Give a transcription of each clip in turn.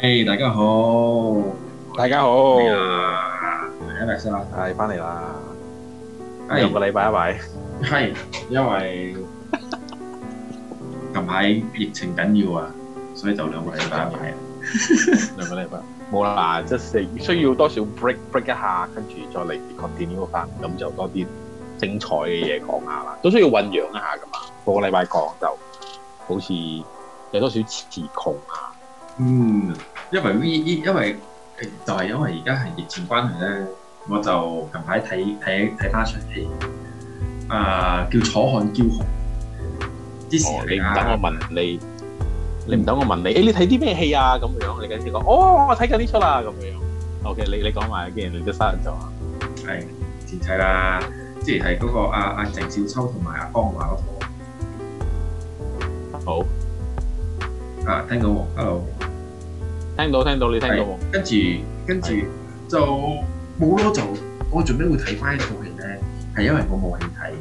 係，大家好，大家好。係啊，嚟緊嚟晒啦，係翻嚟啦。兩個禮拜啊，係，係因為近排疫情緊要啊，所以就兩個禮拜。兩個禮拜冇啦，即係需要多少 break break 一下，跟住再嚟 continue 翻，咁就多啲精彩嘅嘢講下啦。都需要醞釀一下噶嘛，個個禮拜講就好似。有多少詞詞窮啊？嗯，因為依依，因為就係因為而家係疫情關係咧，我就近排睇睇睇翻場戲，誒叫楚漢驕雄。之前。哦，你唔等我問你，你唔等我問你，誒你睇啲咩戲啊？咁樣你緊接講，哦，我睇緊呢出啦，咁樣。O K，你你講埋，既然你都生咗，係前妻啦，即係係嗰個阿阿鄭少秋同埋阿江華嗰套。好。啊，聽到我，hello，聽到聽到你聽到，跟住跟住就冇咯，就是我做咩會睇翻呢套戲咧？係因為我冇興趣睇，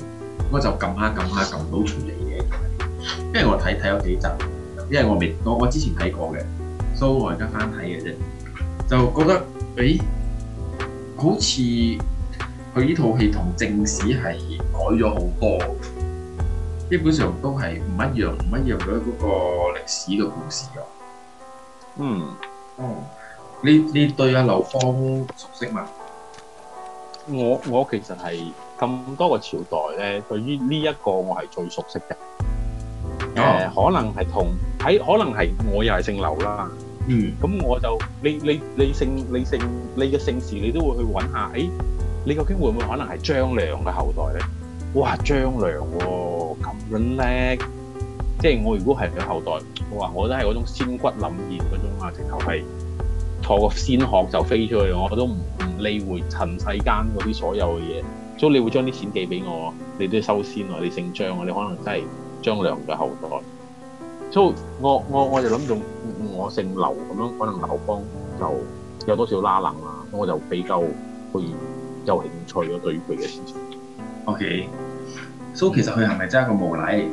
我就撳下撳下撳到條尾嘅，因為我睇睇咗幾集，因為我未我我之前睇過嘅，所以我看而家翻睇嘅啫，就覺得誒、欸，好似佢呢套戲同正史係改咗好多。基本上都係唔一樣，唔一樣咯。嗰個歷史嘅故事咯。嗯，哦，你你對阿劉邦熟悉嗎？我我其實係咁多個朝代咧，對於呢一個我係最熟悉嘅。誒，可能係同喺，可能係我又係姓劉啦。嗯，咁我就你你你姓你姓你嘅姓氏，你都會去揾下。誒，你究竟會唔會可能係張良嘅後代咧？哇，張良喎！咁 r e l 即係我如果係佢後代，哇，我話我都係嗰種仙骨凛然嗰種啊，直頭係坐個仙鶴就飛出去，我都唔唔理會塵世間嗰啲所有嘅嘢。所以你會將啲錢寄俾我，你都要收仙啊，你姓張啊，你可能真係張良嘅後代。所以我，我我我就諗住我姓劉咁樣，可能劉邦就有多少拉冷啊，我就比較去有興趣咯，對於佢嘅事情。O K。So 其實佢係咪真係一個無賴？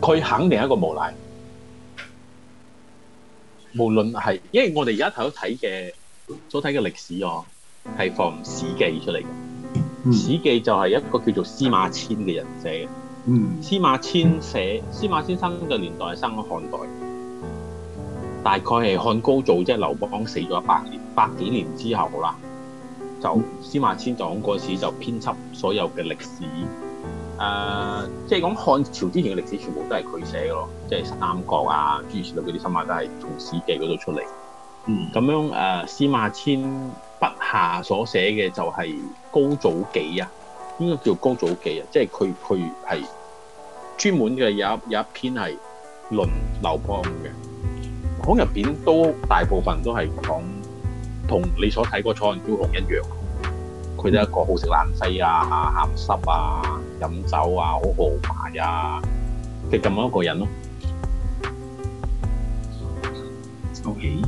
佢 肯定係一個無賴。無論係，因為我哋而家頭睇嘅，所睇嘅歷史哦，係從《史記》出嚟嘅，《史記》就係一個叫做司馬遷嘅人寫嘅。嗯、司馬遷寫，嗯、司馬先生嘅年代係生喺漢代，大概係漢高祖即係、就是、劉邦死咗百年、百幾年之後啦。就司馬遷就講嗰時就編輯所有嘅歷史，誒、呃，即係講漢朝之前嘅歷史全部都係佢寫嘅咯，即係三國啊，諸如此類嗰啲新聞都係從史記嗰度出嚟。嗯，咁樣誒、呃，司馬遷筆下所寫嘅就係高祖紀啊，應該叫高祖紀啊，即係佢佢係專門嘅有一有一篇係論劉邦嘅，講入邊都大部分都係講。同你所睇過楚漢驕雄一樣，佢都係一個好食懶飛啊、鹹濕啊、飲酒啊、好豪華啊，係咁樣一個人咯。O Okay .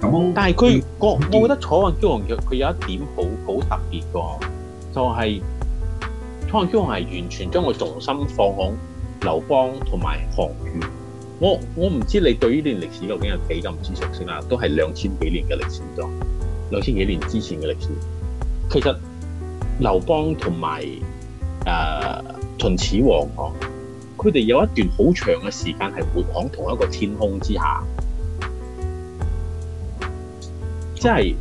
K，但係佢我我覺得楚漢驕雄佢有一點好好特別嘅，就係楚漢驕雄係完全將個重心放喺劉邦同埋項羽。嗯我我唔知你對呢段歷史究竟有幾咁唔知熟悉啦，都係兩千幾年嘅歷史咗，兩千幾年之前嘅歷史。其實劉邦同埋誒秦始皇，佢哋有一段好長嘅時間係活喺同一個天空之下，即係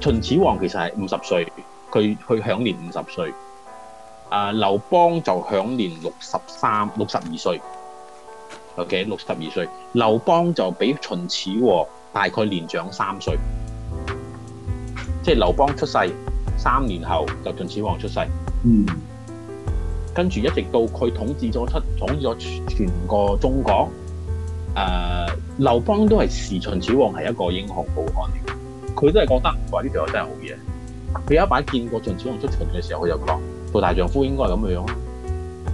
秦始皇其實係五十歲，佢佢享年五十歲，啊、呃、劉邦就享年六十三、六十二歲。有幾六十二歲，劉、okay, 邦就比秦始皇大概年長三歲，即係劉邦出世三年後就秦始皇出世。嗯，跟住一直到佢統治咗出統治咗全個中國，誒、呃，劉邦都係視秦始皇係一個英雄好漢嚟嘅，佢都係覺得哇呢條友真係好嘢。佢有一把見過秦始皇出巡嘅時候，佢就講做大丈夫應該係咁嘅樣，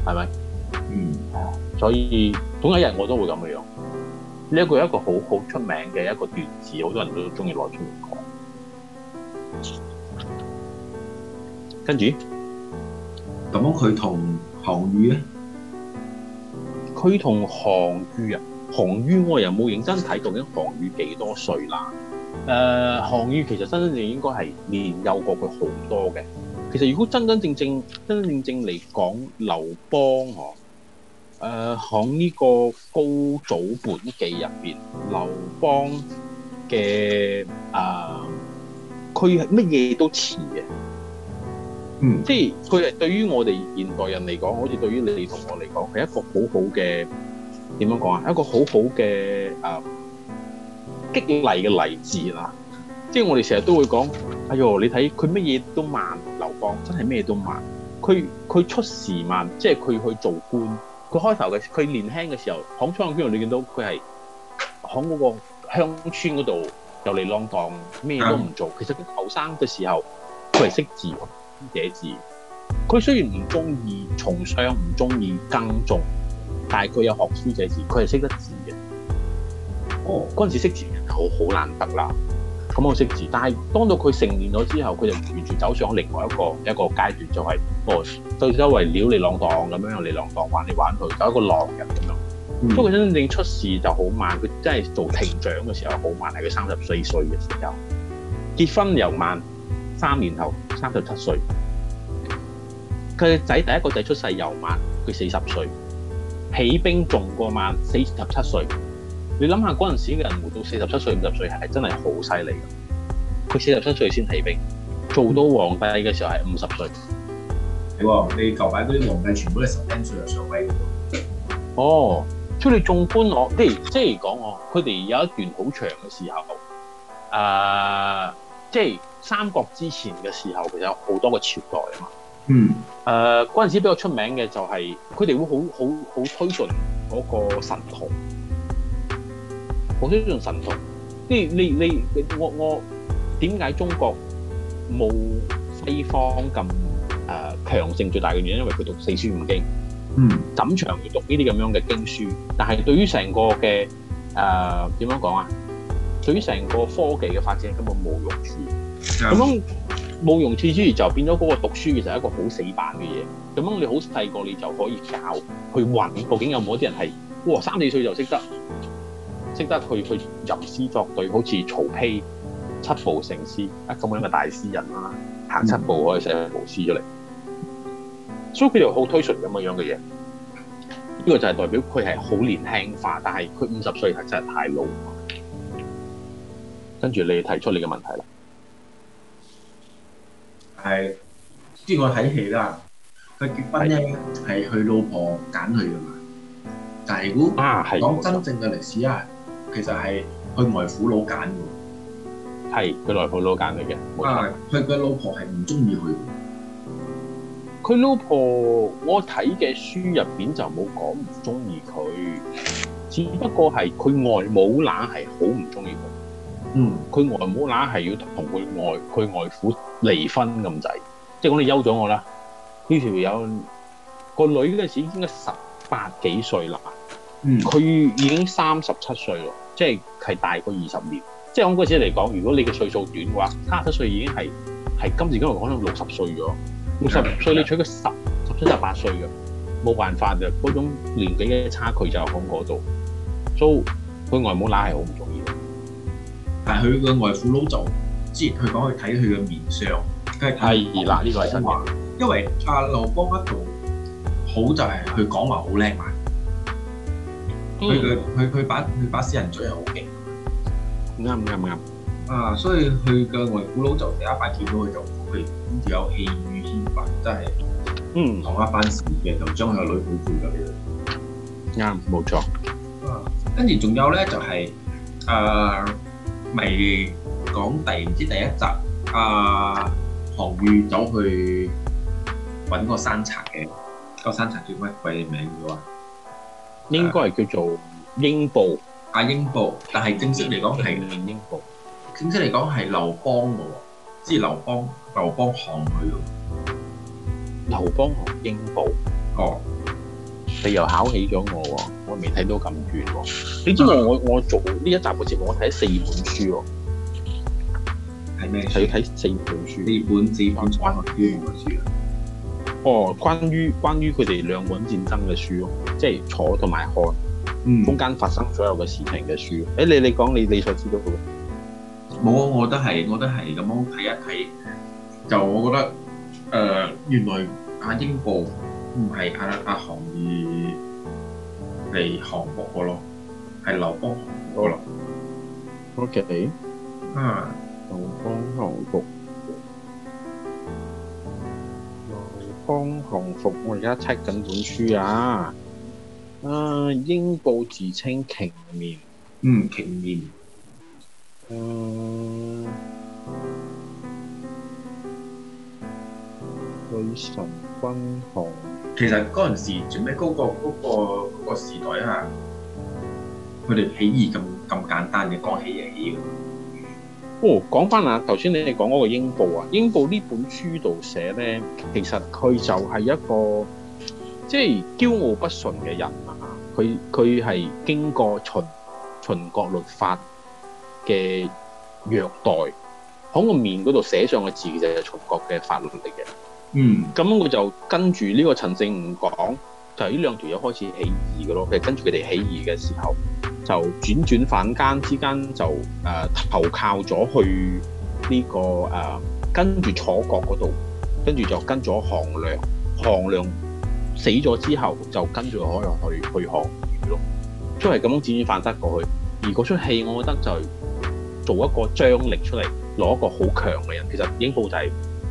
係咪？嗯。所以總有一日我都會咁樣樣。呢、這個、一個係一個好好出名嘅一個段子，好多人都中意攞出嚟講。跟住，咁佢同項羽咧？佢同項羽啊？項羽我又冇認真睇究竟項羽幾多歲啦？誒、呃，項羽其實真真正正應該係年幼過佢好多嘅。其實如果真真正正、真真正正嚟講，劉邦哦、啊。誒，喺呢個高祖本紀入邊，劉邦嘅，誒，佢係乜嘢都似嘅。嗯，即係佢係對於我哋現代人嚟講，好似對於你哋同我嚟講，係一個好好嘅點樣講啊？一個好好嘅誒激勵嘅例子啦。即係我哋成日都會講，哎喲，你睇佢乜嘢都慢。劉邦真係乜嘢都慢，佢，佢出時慢，即係佢去做官。佢開頭嘅，佢年輕嘅時候，響村入邊，你見到佢係喺嗰個鄉村嗰度遊嚟浪蕩，咩都唔做。其實佢後生嘅時候，佢係識字寫字。佢雖然唔中意從商，唔中意耕種，但係佢有學書寫字，佢係識得字嘅。哦，嗰陣時識字人好好難得啦。咁我識字，但係當到佢成年咗之後，佢就完全走上另外一個一個階段，就係、是、對周圍撩你浪蕩咁樣，有你浪蕩玩嚟玩去，就一個浪人咁樣。不過佢真正出事就好慢，佢真係做庭長嘅時候好慢，係佢三十四歲嘅時候結婚又慢，三年後三十七歲，佢仔第一個仔出世又慢，佢四十歲起兵仲過慢，四十七歲。你諗下嗰陣時嘅人活到四十七歲五十歲係真係好犀利㗎，佢四十七歲先起兵，做到皇帝嘅時候係五十歲，係喎。你舊版嗰啲皇帝全部都係十零歲上位嘅喎。哦，所以你縱觀我，即係即係講我，佢哋有一段好長嘅時候，誒、呃，即係三國之前嘅時候，其實有好多個朝代啊嘛。嗯。誒、呃，嗰陣時比較出名嘅就係佢哋會好好好推進嗰個神童。好少用神童，即係你你你我我點解中國冇西方咁誒強盛？最大嘅原因，因為佢讀四書五經，嗯，怎長要讀呢啲咁樣嘅經書？但係對於成個嘅誒點樣講啊？對於成個科技嘅發展根本冇用處，咁、嗯、樣冇用處之餘就變咗嗰個讀書其實係一個好死板嘅嘢。咁樣你好細個你就可以教去揾，究竟有冇啲人係哇三四歲就識得？識得佢去吟詩作對，好似曹丕七步成詩啊，咁樣嘅大詩人啦，行七步可以寫部詩出嚟，嗯、所以佢做好推 r 咁樣樣嘅嘢。呢、這個就係代表佢係好年輕化，但係佢五十歲係真係太老。跟住你提出你嘅問題啦，係即係我睇戲啦，佢結婚咧係佢老婆揀佢噶嘛，但係如果講真正嘅歷史啊。其實係佢外父佬揀嘅，係佢外父佬揀嚟嘅。啊，佢老婆係唔中意佢，佢老婆我睇嘅書入邊就冇講唔中意佢，只不過係佢外母乸係好唔中意佢。嗯，佢外母乸係要同佢外佢外父離婚咁滯，即係我你休咗我啦。呢條友個女嗰陣時，已經係十八幾歲啦。佢、嗯、已經三十七歲咯，即係係大過二十年。即係我嗰陣嚟講，如果你嘅歲數短嘅話，三十七歲已經係係今時今日講到六十歲咗。六十的歲你娶個十十七十八歲嘅，冇辦法嘅嗰種年紀嘅差距就喺嗰度。所以佢外母乸係好唔重要，但係佢嘅外父佬就之前佢講佢睇佢嘅面相，係而嗱呢個係真話。因為阿、啊、劉邦一路好就係佢講話好叻埋。佢佢佢佢把佢把私人嘴係好勁，啱唔啱啊！所以佢嘅外父佬就第一把劍都去做，佢要有氣宇軒拔，真係嗯同一班事嘅，就將佢個女許配咗俾佢。啱冇錯。啊，跟住仲有咧就係誒咪講第唔知第一集啊，韓愈走去揾個山賊嘅，個山賊叫咩鬼名嘅話？應該係叫做英布阿，啊、英布。但係正式嚟講係英布。正式嚟講係劉邦嘅，即係劉邦劉邦降佢，劉邦同英布。哦，你又考起咗我，我未睇到咁遠喎。你知唔知我，哦，我，我做呢一集嘅節目，我睇咗四本書哦。係咩？係要睇四本書四本，四本，四本。啊、關於關於，哦，關於關於關於關於關於關於關於關於佢哋兩本戰爭嘅書即係楚同埋漢，中間發生所有嘅事情嘅書。誒、嗯欸，你你講你你所知道嘅？冇啊，我都係，我都係咁樣睇一睇。就我覺得，誒、呃，原來英不是阿英布唔係阿阿韓義嚟韓服個咯，係劉邦個咯。O K，啊，劉邦韓服，劉邦韓服，我而家睇緊本書啊！啊！英布自稱黥面，嗯，黥面。嗯、呃，對秦軍強、哦。其實嗰陣時，做咩嗰個個個時代啊，佢哋起義咁咁簡單嘅，講起嘢。哦，講翻啊，頭先你哋講嗰個英布啊，英布呢本書度寫咧，其實佢就係一個。即係驕傲不純嘅人啊！佢佢係經過秦秦國律法嘅虐待，喺個面嗰度寫上嘅字就係秦國嘅法律嚟嘅。嗯，咁佢就跟住呢個陳勝吳廣，就係呢兩條友開始起義嘅咯。佢跟住佢哋起義嘅時候，就轉轉反間之間就誒、呃、投靠咗去呢、這個誒、呃、跟住楚國嗰度，跟住就跟咗項梁，項梁死咗之後，就跟住可能去去降項羽咯，出嚟咁樣輾轉反側過去。而嗰出戲，我覺得就係做一個張力出嚟，攞一個好強嘅人。其實英布就係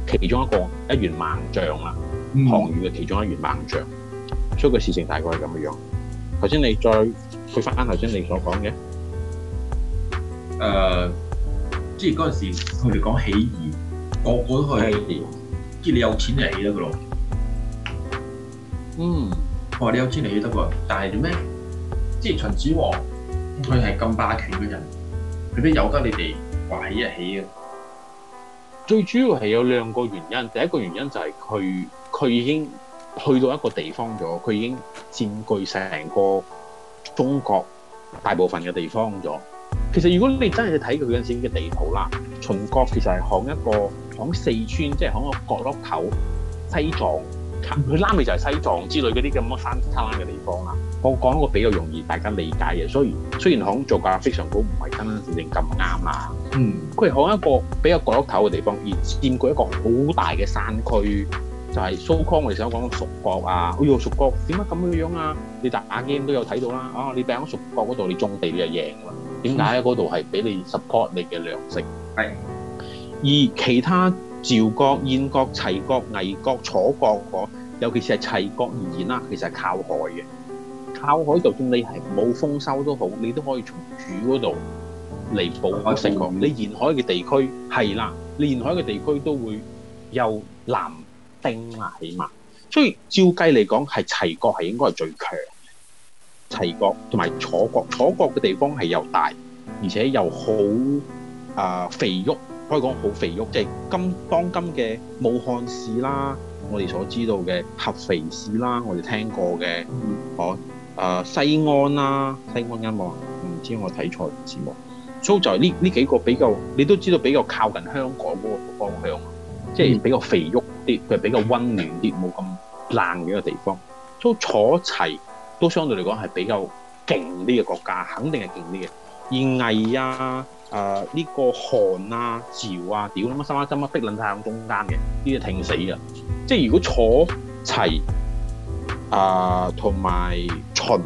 其中一個一員猛將啦，項羽嘅其中一員猛將。嗯、所以個事情大概係咁嘅樣。頭先你再回翻頭先你所講嘅，誒、呃，即係嗰陣時佢哋講起義，個個都去，即係的你有錢就起得個咯。嗯，我話你有知你得喎，但係點咩？即係秦始皇，佢係咁霸權嘅人，佢邊由得你哋話起一起？最主要係有兩個原因，第一個原因就係佢佢已經去到一個地方咗，佢已經佔據成個中國大部分嘅地方咗。其實如果你真係睇佢嗰陣時嘅地圖啦，秦國其實係喺一個喺四川，即係喺個角落頭，西藏。佢拉尾就係西藏之類嗰啲咁嘅山區嘅地方啦。我講一個比較容易大家理解嘅，所以雖然響做價非常好，唔係真真正正咁啱啊。嗯，佢響一個比較角落頭嘅地方，而佔據一個好大嘅山區，就係蘇康我哋想講蜀國啊。哎呦，蜀國點解咁嘅樣啊？你就打 game 都有睇到啦。哦、啊，你喺蜀國嗰度你種地你就贏啦。點解咧？嗰度係俾你 support 你嘅糧食。係、嗯。而其他。趙國、燕國、齊國、魏國、楚國嗰，尤其是係齊國而言啦，其實係靠海嘅。靠海，就算你係冇豐收都好，你都可以從主嗰度嚟補。可以成你沿海嘅地區係啦，你沿海嘅地區都會有南丁啊，起碼。所以照計嚟講，係齊國係應該係最強嘅。齊國同埋楚國，楚國嘅地方係又大，而且又好啊、呃、肥沃，可以講好肥沃，即係今當今嘅武漢市啦，我哋所知道嘅合肥市啦，我哋聽過嘅，我誒西安啦，西安，西安音樂，唔知我睇錯，唔知字幕，所以就係呢呢幾個比較，你都知道比較靠近香港嘅方向，即係比較肥沃啲，佢比較温暖啲，冇咁冷嘅一個地方。所以坐齊都相對嚟講係比較勁啲嘅國家，肯定係勁啲嘅。而魏啊～啊！呢、呃呢個韓啊、趙啊，屌咁啊，三粒針啊，逼撚曬喺中間嘅，啲嘢停死噶。即係如果楚齊啊同埋秦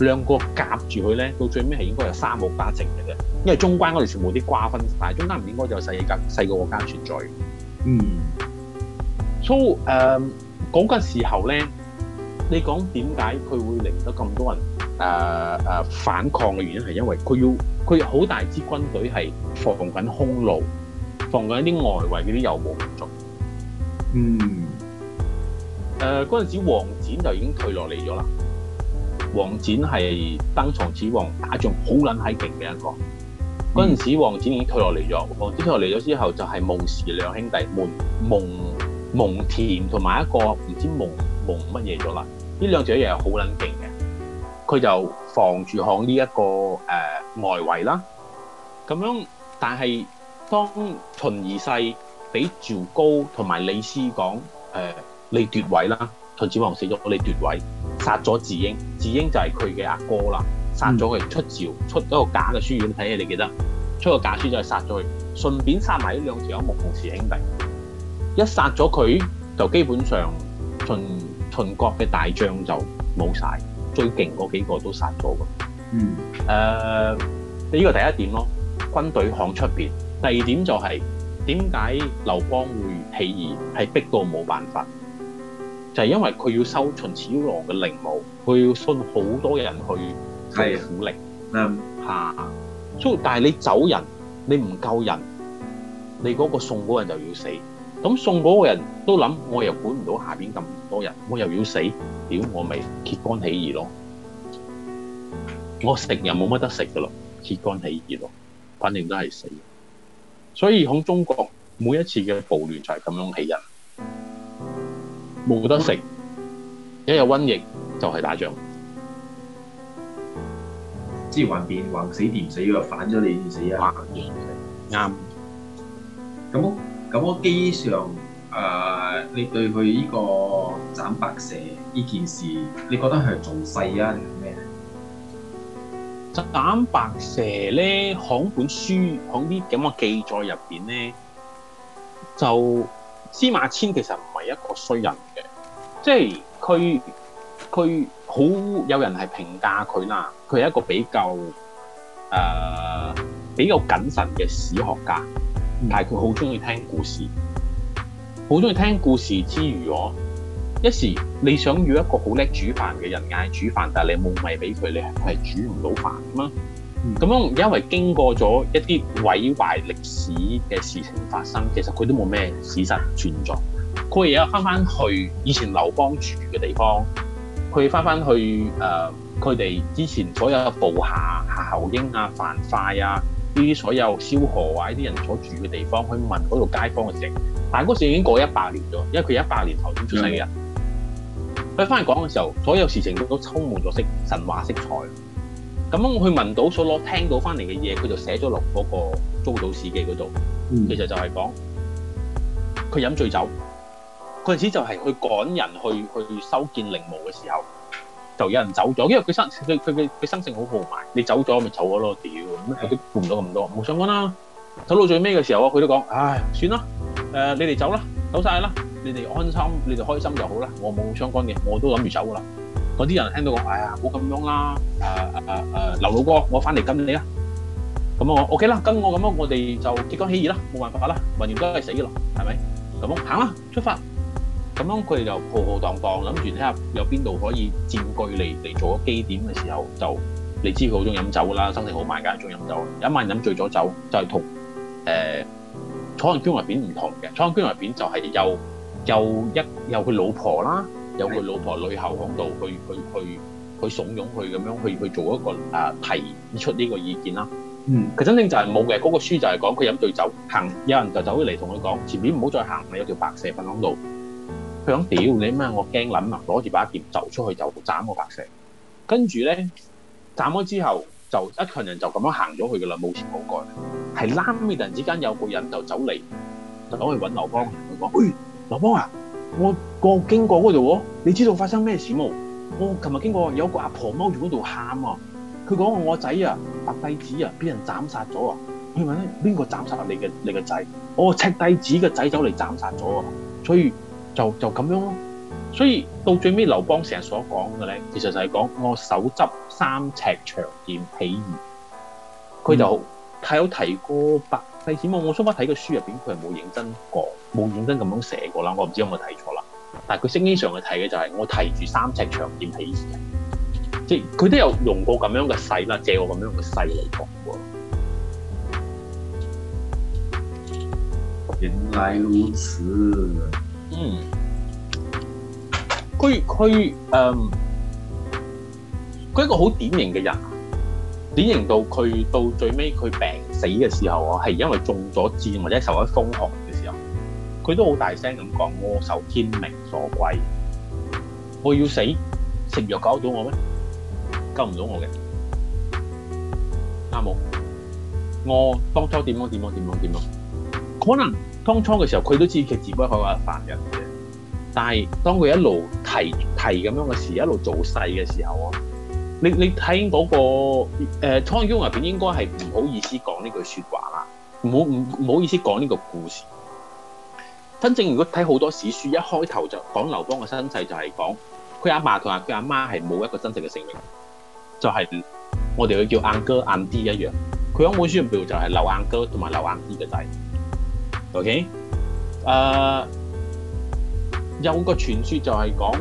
兩個夾住佢咧，到最尾係應該有三冇家剩嘅啫。因為中間嗰度全部啲瓜分晒，但係中間唔應該有細嘅細個國家存在。嗯。So 誒嗰個時候咧。你講點解佢會令得咁多人誒誒、呃呃、反抗嘅原因係因為佢要佢有好大支軍隊係防緊匈奴，防緊啲外圍嗰啲遊牧民族。嗯。誒嗰陣時，王翦就已經退落嚟咗啦。王翦係登場之王，打仗好撚喺勁嘅一個。嗰陣時，王翦已經退落嚟咗。王翦退落嚟咗之後，就係蒙氏兩兄弟，蒙蒙蒙恬同埋一個唔知蒙蒙乜嘢咗啦。呢兩條嘢係好撚勁嘅，佢就防住抗呢一個誒外圍啦。咁、呃、樣，但係當秦二世俾趙高同埋李斯講誒、呃、你奪位啦，秦始皇死咗，我哋奪位殺咗子英，子英就係佢嘅阿哥啦，殺咗佢出趙出咗個假嘅書院睇下，你記得出了個假書就係殺咗佢，順便殺埋呢兩條目同時兄弟。一殺咗佢就基本上秦。秦國嘅大將就冇晒，最勁嗰幾個都殺咗嘅。嗯，誒、呃，呢、這個第一點咯，軍隊行出邊。第二點就係點解劉邦會起義，係逼到冇辦法，就係、是、因為佢要收秦始皇嘅陵墓，佢要信好多嘅人去做苦力。啊、嗯、吓、啊。所以但係你走人，你唔夠人，你嗰個送嗰人就要死。咁宋嗰個人都諗，我又管唔到下邊咁多人，我又要死，屌我咪揭竿起義咯！我食又冇乜得食噶咯，揭竿起義咯，反正都係死。所以響中國每一次嘅暴亂就係咁樣起人，冇得食，一有瘟疫就係打仗。即係橫掂橫死掂死，死啊！反咗你死啊！啱對。咁。咁我基本上、呃，你對佢呢個斬白蛇呢件事，你覺得係仲細啊定係咩？斬白蛇咧，響本書、響啲咁嘅記載入邊咧，就司馬遷其實唔係一個衰人嘅，即係佢佢好有人係評價佢啦，佢係一個比較誒、呃、比較謹慎嘅史學家。但係佢好中意聽故事，好中意聽故事之餘，我一時你想要一個好叻煮飯嘅人嗌煮飯，但係你冇米俾佢，你係煮唔到飯啊！咁、嗯、樣因為經過咗一啲毀壞歷史嘅事情發生，其實佢都冇咩事實的存在。佢而家翻翻去以前劉邦住嘅地方，佢翻翻去誒，佢、呃、哋之前所有部下夏侯嬰啊、樊噲啊。呢啲所有蕭何啊，呢啲人所住嘅地方，去問嗰度街坊嘅事情。但嗰時已經過了一百年咗，因為佢一百年頭先出世嘅人。佢翻嚟講嘅時候，所有事情都都充滿咗色神話色彩。咁我去問到所攞聽到翻嚟嘅嘢，佢就寫咗落嗰個租賭《高祖史記》嗰度。其實就係講佢飲醉酒，嗰陣時就係去趕人去去修建陵墓嘅時候。就有人走咗，因為佢生佢佢佢生性好豪邁，你走咗咪走咗咯，屌，佢都顧唔到咁多冇相干啦。走到最尾嘅時候啊，佢都講，唉，算啦，誒、呃，你哋走啦，走晒啦，你哋安心，你哋開心就好啦，我冇相干嘅，我都諗住走噶啦。嗰啲人聽到我，哎「唉呀，冇咁樣啦，誒誒誒，劉、呃呃、老哥，我翻嚟跟你啦。咁我 OK 啦，跟我咁樣，我哋就揭竿起義啦，冇辦法啦，民憲都係死咯，係咪？咁樣行啦，出發。咁樣佢哋就浩浩蕩蕩，諗住睇下有邊度可以佔據你嚟做個基點嘅時候，就你知佢好中意飲酒㗎啦，生性好慢格，中意飲酒，有一晚飲醉咗酒，就係、是呃、同誒楚漢驕雄入邊唔同嘅。楚漢驕雄入邊就係有又一又佢老婆啦，的有佢老婆女後響度去去去去慫恿佢咁樣去去做一個誒、啊、提出呢個意見啦。嗯，佢真正就係冇嘅嗰個書就係講佢飲醉酒行，有人就走咗嚟同佢講前面唔好再行啦，有條白蛇瞓響度。想屌你咩？我驚諗啊，攞住把劍走出去就斬個白蛇。跟住咧斬開之後，就一群人就咁樣行咗去噶啦，冇錢冇蓋。係啱啱突然之間有個人就走嚟，就走去搵劉邦，佢講，喂，劉邦啊，我過經過嗰度，你知道發生咩事冇？我琴日經過有個阿婆踎住嗰度喊啊，佢講，我個仔啊，白帝子啊，俾、啊、人斬殺咗啊。佢問咧，邊個斬殺你嘅你嘅仔？我，赤帝子嘅仔走嚟斬殺咗啊，所以。就就咁樣咯，所以到最尾劉邦成日所講嘅咧，其實就係講我手執三尺長劍起義，佢就睇、嗯、有提過百細事，我我出翻睇個書入邊，佢係冇認真講，冇認真咁樣寫過啦，我唔知有冇睇錯啦。但係佢聖經上去睇嘅就係我提住三尺長劍起義，即係佢都有用過咁樣嘅勢啦，借我咁樣嘅勢嚟講。原來如此。嗯，佢佢誒，佢一個好典型嘅人，典型到佢到最尾佢病死嘅時候啊，係因為中咗箭或者受咗風寒嘅時候，佢都好大聲咁講：我受天命所歸，我要死，食藥救到我咩？救唔到我嘅，啱冇？我當初點樣點樣點樣點樣？可能？當初嘅時候，佢都知隻字不改話凡人嘅。但係當佢一路提提咁樣嘅事，一路做勢嘅時候，我你你睇嗰、那個誒《湯、嗯、川》入邊應該係唔好意思講呢句説話啦，唔好唔唔好意思講呢個故事。真正如果睇好多史書，一開頭就講劉邦嘅身世，就係講佢阿爸同埋佢阿媽係冇一個真實嘅姓名，就係、是、我哋會叫阿哥阿啲一樣。佢喺本書入邊就係劉阿哥同埋劉阿爹嘅仔。O.K. 誒有個傳説就係講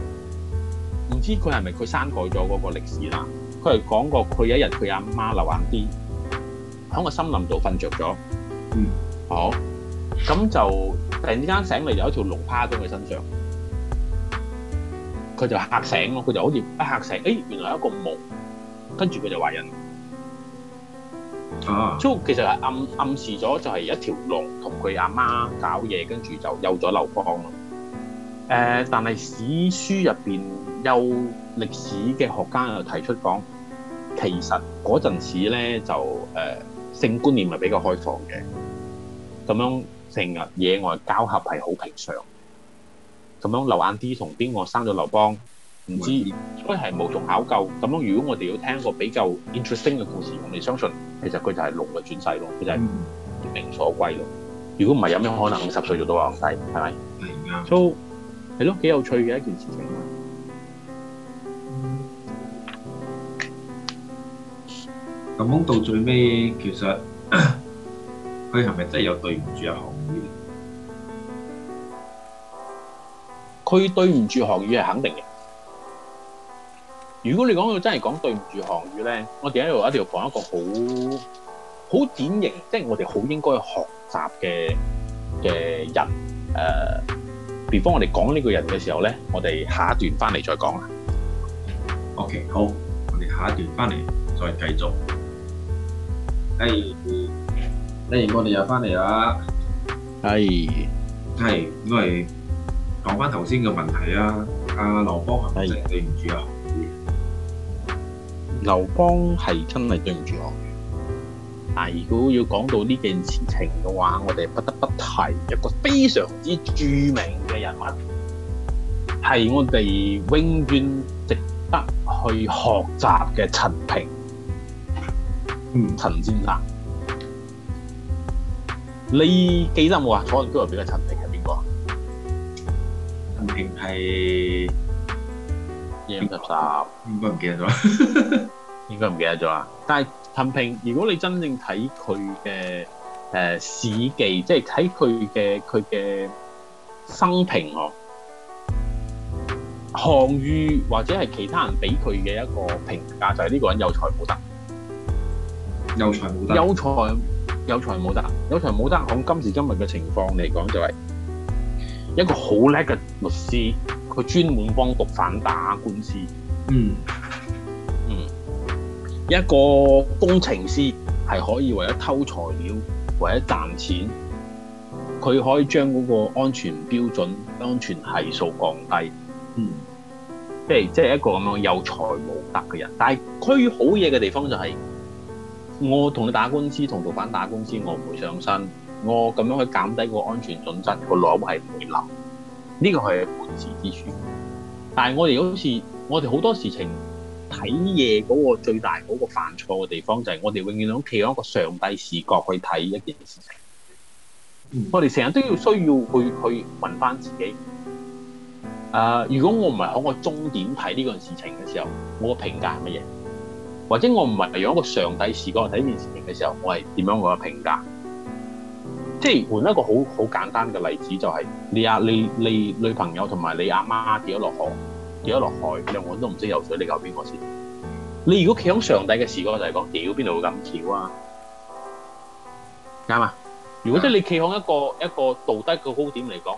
唔知佢係咪佢刪改咗嗰個歷史啦？佢係講過佢有一日佢阿媽流眼啲，喺個森林度瞓著咗。嗯，好咁就突然之間醒嚟，有一條龍趴喺佢身上，佢就嚇醒咯。佢就好似一嚇醒，誒原來係一個夢，跟住佢就懷孕。即、嗯嗯、其實係暗暗示咗，就係一條龍同佢阿媽搞嘢，跟住就有咗劉邦咯。誒，但係史書入邊有歷史嘅學家又提出講，其實嗰陣時咧就誒、呃、性觀念係比較開放嘅，咁樣成日野外交合係好平常，咁樣留眼啲同邊個生咗劉邦。唔知，佢係無從考究。咁樣，如果我哋要聽個比較 interesting 嘅故事，我哋相信其實佢就係龍嘅轉世咯，佢就係命所歸咯。如果唔係，有咩可能五十歲做到皇帝？係咪？係啊。So 係咯，幾有趣嘅一件事情。咁樣到最尾，其實佢係咪真係有對唔住項羽？佢對唔住項羽係肯定嘅。如果你講到真係講對唔住項羽咧，我哋喺度一定要講一個好好典型，即係我哋好應該學習嘅嘅人。誒，before 我哋講呢個人嘅時候咧，我哋下一段翻嚟再講啦。OK，好，我哋下一段翻嚟再繼續。係，係，我哋又翻嚟啦。係，係，因為講翻頭先嘅問題啊，阿劉邦，係咪對唔住啊？劉邦係真係對唔住我，但係如果要講到呢件事情嘅話，我哋不得不提一個非常之著名嘅人物，係我哋永遠值得去學習嘅陳平。嗯，陳先生，你記得冇啊？楚漢爭霸嘅陳平係邊個？陳平係二十三，應該唔記得咗。 應該唔記得咗啊！但係陳平，如果你真正睇佢嘅誒史記，即係睇佢嘅佢嘅生平哦，項羽或者係其他人俾佢嘅一個評價，就係、是、呢個人有才冇德，德、嗯、德，有才冇德，有才有才冇德，有才冇德。響今時今日嘅情況嚟講，就係一個好叻嘅律師，佢專門幫毒犯打官司。嗯，嗯。一個工程師係可以為咗偷材料，為咗賺錢，佢可以將嗰個安全標準、安全係數降低，嗯，即係即係一個咁樣有才無德嘅人。但係區好嘢嘅地方就係，我同你打官司，同老闆打官司，我唔會上身，我咁樣去減低個安全準則，個 loss 係唔會流，呢個係本事之處。但係我哋好似我哋好多事情。睇嘢嗰個最大嗰個犯錯嘅地方就係我哋永遠想企喺一個上帝視角去睇一件事情。我哋成日都要需要去去問翻自己、呃，誒，如果我唔係喺我終點睇呢個事情嘅時候，我嘅評價係乜嘢？或者我唔係用一個上帝視角去睇呢件事情嘅時候，我係點樣個評價？即係換一個好好簡單嘅例子就是，就係你阿你你女朋友同埋你阿媽跌咗落河。跌咗落海，兩個都唔識游水，你救邊個先？你如果企響上帝嘅視角就係講：屌，邊度會咁巧啊？啱啊吧！嗯、如果即係你企響一個一個道德嘅高點嚟講，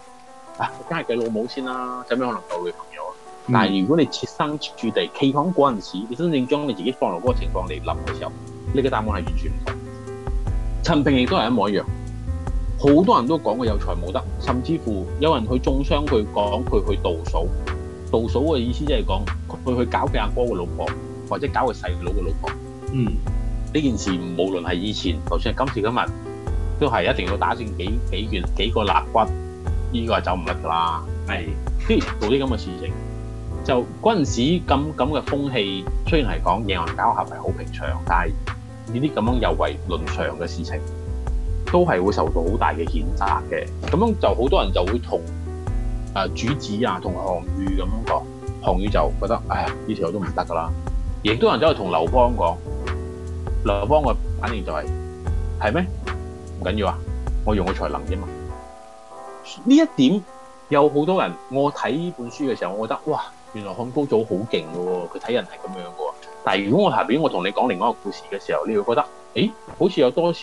啊，梗係救老母先啦、啊，咁咩可能救佢朋友啊？嗯、但係如果你設身處地企響嗰陣時，你真正將你自己放落嗰個情況嚟諗嘅時候，呢個答案係完全唔同。陳平亦都係一模一樣，好、嗯、多人都講佢有才冇德，甚至乎有人去中傷佢，講佢去倒數。盜嫂嘅意思即係講，佢去搞佢阿哥嘅老婆，或者搞佢細佬嘅老婆。嗯，呢件事無論係以前，就算係今時今日，都係一定要打斷幾幾件幾個肋骨，呢、呢個係走唔甩㗎啦。係是，即做啲咁嘅事情，就嗰陣時咁咁嘅風氣，雖然係講野外交合係好平常，但係呢啲咁樣有違倫常嘅事情，都係會受到好大嘅譴責嘅。咁樣就好多人就會同。啊，主子啊，同項羽咁樣講，項羽就覺得，哎呀，呢條我都唔得噶啦。亦都有人走去同劉邦講，劉邦嘅反應就係、係，係咩？唔緊要啊，我用個才能啫嘛。呢一點有好多人，我睇呢本書嘅時候，我覺得，哇，原來漢高祖好勁㗎喎，佢睇人係咁樣㗎喎。但如果我下面我同你講另外一個故事嘅時候，你會覺得，咦，好似有多少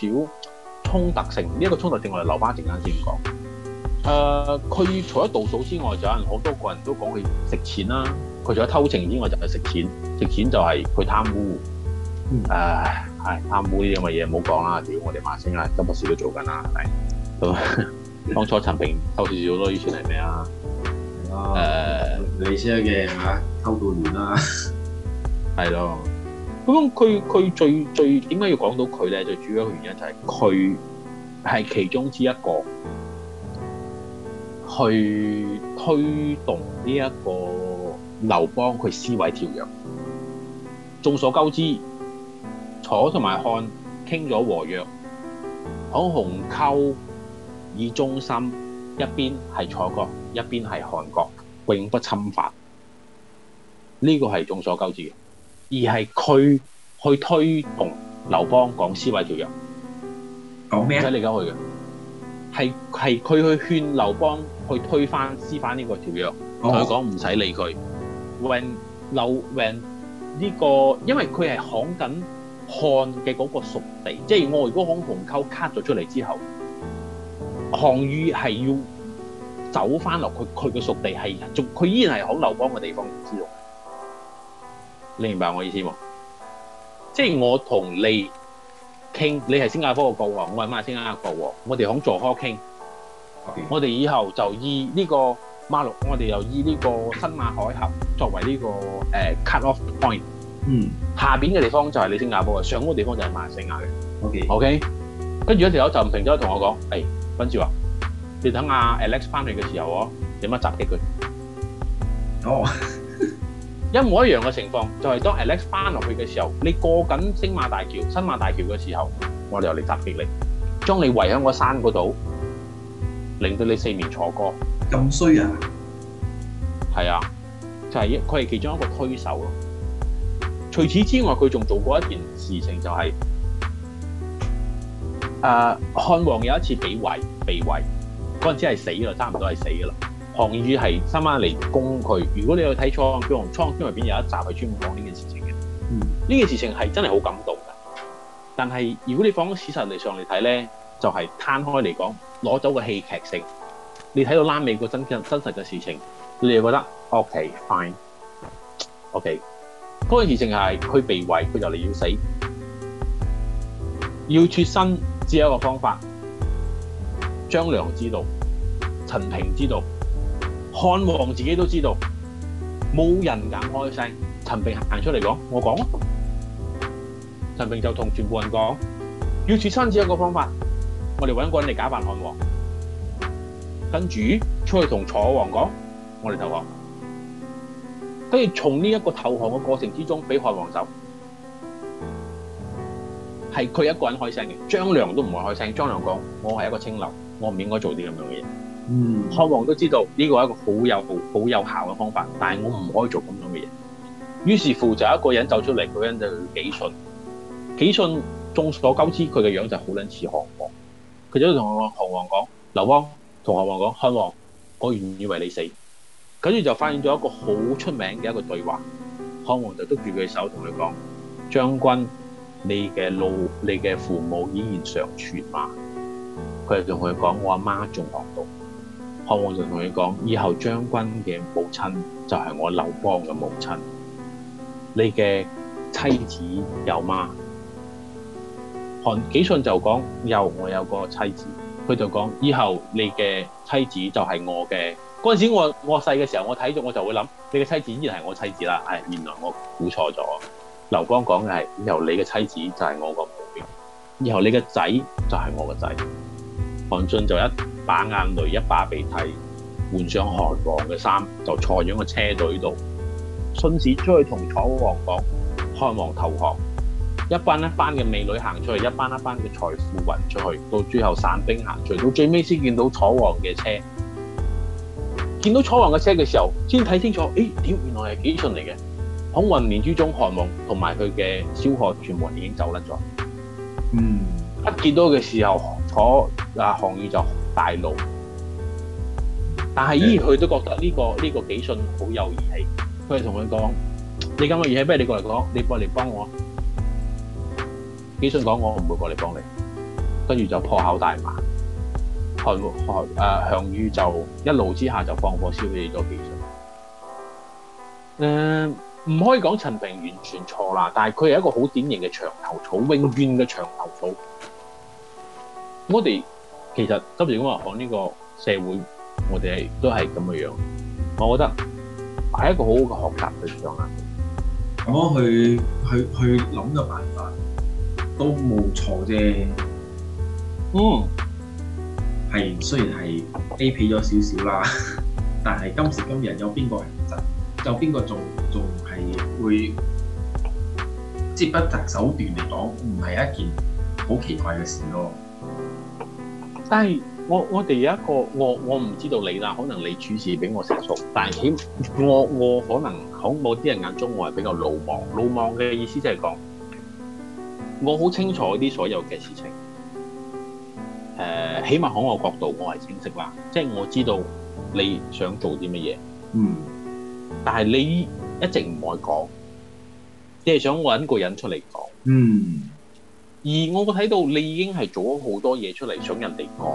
衝突性？呢、呢、一個衝突性我，我哋留返陣間先講。誒，佢、uh, 除咗倒數之外，就有好多個人都講佢食錢啦、啊。佢除咗偷情之外，就係食錢。食錢就係佢貪污。誒，係貪污呢啲咁嘅嘢，唔好講啦。屌，我哋罵聲啦，今不時都做緊啦。咁 當初陳平偷少少咯，以前係咩啊？誒，uh, 你先嘅，偷到年啦。係 咯。咁佢，佢最最點解要講到佢咧？最主要嘅原因就係佢係其中之一個。去推動呢一個劉邦佢《撕毀條約》。眾所周知，楚同埋漢傾咗和約，響鴻溝以中心，一邊係楚國，一邊係韓國，永不侵犯。呢、這個係眾所周知嘅，而係佢去推動劉邦講《撕毀條約》，講咩啊？唔使嚟去嘅，係係佢去勸劉邦去推翻、撕翻呢個條約，同佢講唔使理佢。when 劉 when 呢個，因為佢係喺緊漢嘅嗰個屬地，即係我如果將鴻溝 cut 咗出嚟之後，項羽係要走翻落去佢嘅屬地，係仲佢依然係喺劉邦嘅地方，唔知道你明白我意思冇？即係我同你傾，你係新加坡嘅國王，我係乜嘢新加坡嘅國王？我哋喺助科傾。我哋以後就以呢個馬六，我哋又以呢個新馬海峽作為呢個誒 cut off point。嗯，下邊嘅地方就係你新加坡嘅，上個地方就係馬來西亞嘅。O K，O K，跟住有條友就唔停咗同我講，誒，君主啊，你等下 Alex 翻去嘅時候哦，點樣襲擊佢？哦，一模一樣嘅情況，就係當 Alex 翻落去嘅時候，你過緊星馬大橋、新馬大橋嘅時候，我哋又嚟襲擊你，將你圍喺個山嗰度。令到你四面楚歌咁衰啊！係啊，就係佢係其中一個推手咯。除此之外，佢仲做過一件事情，就是，就係誒漢王有一次被圍，被圍嗰陣時係死啦，差唔多係死噶啦。項羽係三萬嚟攻佢。如果你有睇《楚佢同漢》片入邊有一集係專門講呢件事情嘅。嗯，呢件事情係真係好感動噶。但係如果你放喺史實嚟上嚟睇咧。就係攤開嚟講，攞走個戲劇性。你睇到拉美個真真實嘅事情，你就覺得 OK fine OK。嗰件事情係佢被圍，佢就嚟要死，要脫身只有一個方法。張良知道，陳平知道，漢王自己都知道，冇人敢開聲。陳平行出嚟講：我講。陳平就同全部人講：要脫身只有一個方法。我哋揾一個人嚟假扮漢王，跟住出去同楚王講，我哋投降。跟住從呢一個投降嘅過程之中，俾漢王走，係佢一個人開聲嘅，張良都唔會開聲。張良講：我係一個清流，我唔應該做啲咁樣嘅嘢。漢、嗯、王都知道呢、這個係一個好有好有效嘅方法，但係我唔可以做咁樣嘅嘢。於是乎就一個人走出嚟，嗰人就叫紀信。紀信眾所周知，佢嘅樣就好撚似漢王。佢就同我講項王講，劉邦同項王講漢王，我願意為你死。跟住就發現咗一個好出名嘅一個對話。項王就捉住佢手同佢講，將軍你嘅老你嘅父母依然尚存嘛？佢就同佢講，我阿媽仲活到。項王就同佢講，以後將軍嘅母親就係我劉邦嘅母親。你嘅妻子有嗎？韓紀信就講：有我有個妻子，佢就講：以後你嘅妻子就係我嘅。嗰陣時我我細嘅時候，我睇咗我就會諗：你嘅妻子依然係我妻子啦。哎，原來我估錯咗。劉邦講嘅係：以後你嘅妻子就係我個婦，以後你嘅仔就係我個仔。韓信就一把眼淚一把鼻涕，換上漢王嘅衫，就坐喺個車隊度，信使出去同楚王講：漢王投降。一班一班嘅美女行出去，一班一班嘅財富運出去，到最後散兵行出去，到最尾先見到楚王嘅車。見到楚王嘅車嘅時候，先睇清楚，誒，屌，原來係紀信嚟嘅。孔云、連珠、中漢夢同埋佢嘅蕭何全部人已經走甩咗。嗯，一見到嘅時候，楚啊，項羽就大怒。但係依然佢都覺得呢、這個呢、這個紀信好有義氣。佢就同佢講，你咁嘅義氣，不如你過嚟講，你過嚟幫我。紀信講：我唔會過嚟幫你，跟住就破口大罵。項項羽就一怒之下就放火燒起咗紀信。誒、嗯、唔可以講陳平完全錯啦，但係佢係一個好典型嘅牆頭草，永遠嘅牆頭草。我哋其實今時今日喺呢個社會，我哋都係咁嘅樣。我覺得係一個很好好嘅學習嘅地方啦。咁樣去去去諗個辦法。都冇錯啫，嗯，係雖然係 ap 咗少少啦，但係今時今日有邊個係唔執？有邊個仲仲係會即係不擇手段嚟講？唔係一件好奇怪嘅事咯。但係我我哋有一個，我我唔知道你啦，可能你處事比我成熟，但係我我可能喺某啲人眼中，我係比較魯莽。魯莽嘅意思就係講。我好清楚啲所有嘅事情，誒、呃，起碼喺我角度我係清晰啦，即係我知道你想做啲乜嘢，嗯，但係你一直唔愛講，你係想搵個人出嚟講，嗯，而我睇到你已經係做咗好多嘢，出嚟想人哋講，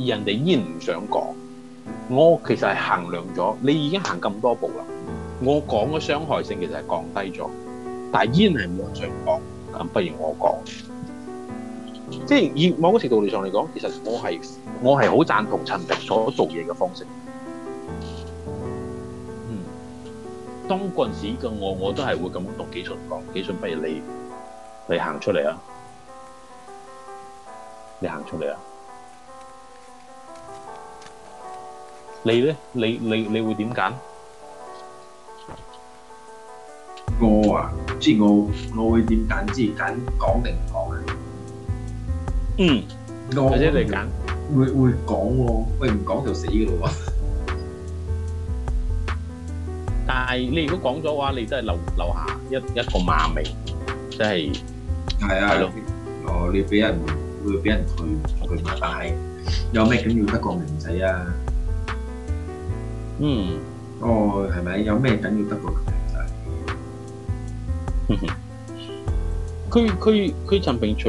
而人哋依然唔想講。我其實係衡量咗，你已經行咁多步啦，我講嘅傷害性其實係降低咗，但係依然係冇人想講。咁不如我講，即係以某程度上嚟講，其實我係我係好贊同陳平所做嘢嘅方式。嗯，當嗰陣時嘅我，我都係會咁同紀信講，紀信，不如你，你行出嚟啊！你行出嚟啊！你咧，你你你會點揀？我啊，知我我會點揀？知揀講定唔講啊？嗯，或者你揀，會會講喎，喂，唔講就死嘅咯喎。但係你如果講咗嘅話，你真係留留下一一個罵名，即係係啊，哦，你俾人會俾人拒、拒埋，但係有咩緊要得過名仔啊？嗯，哦，係咪有咩緊要得過？佢佢佢陳平除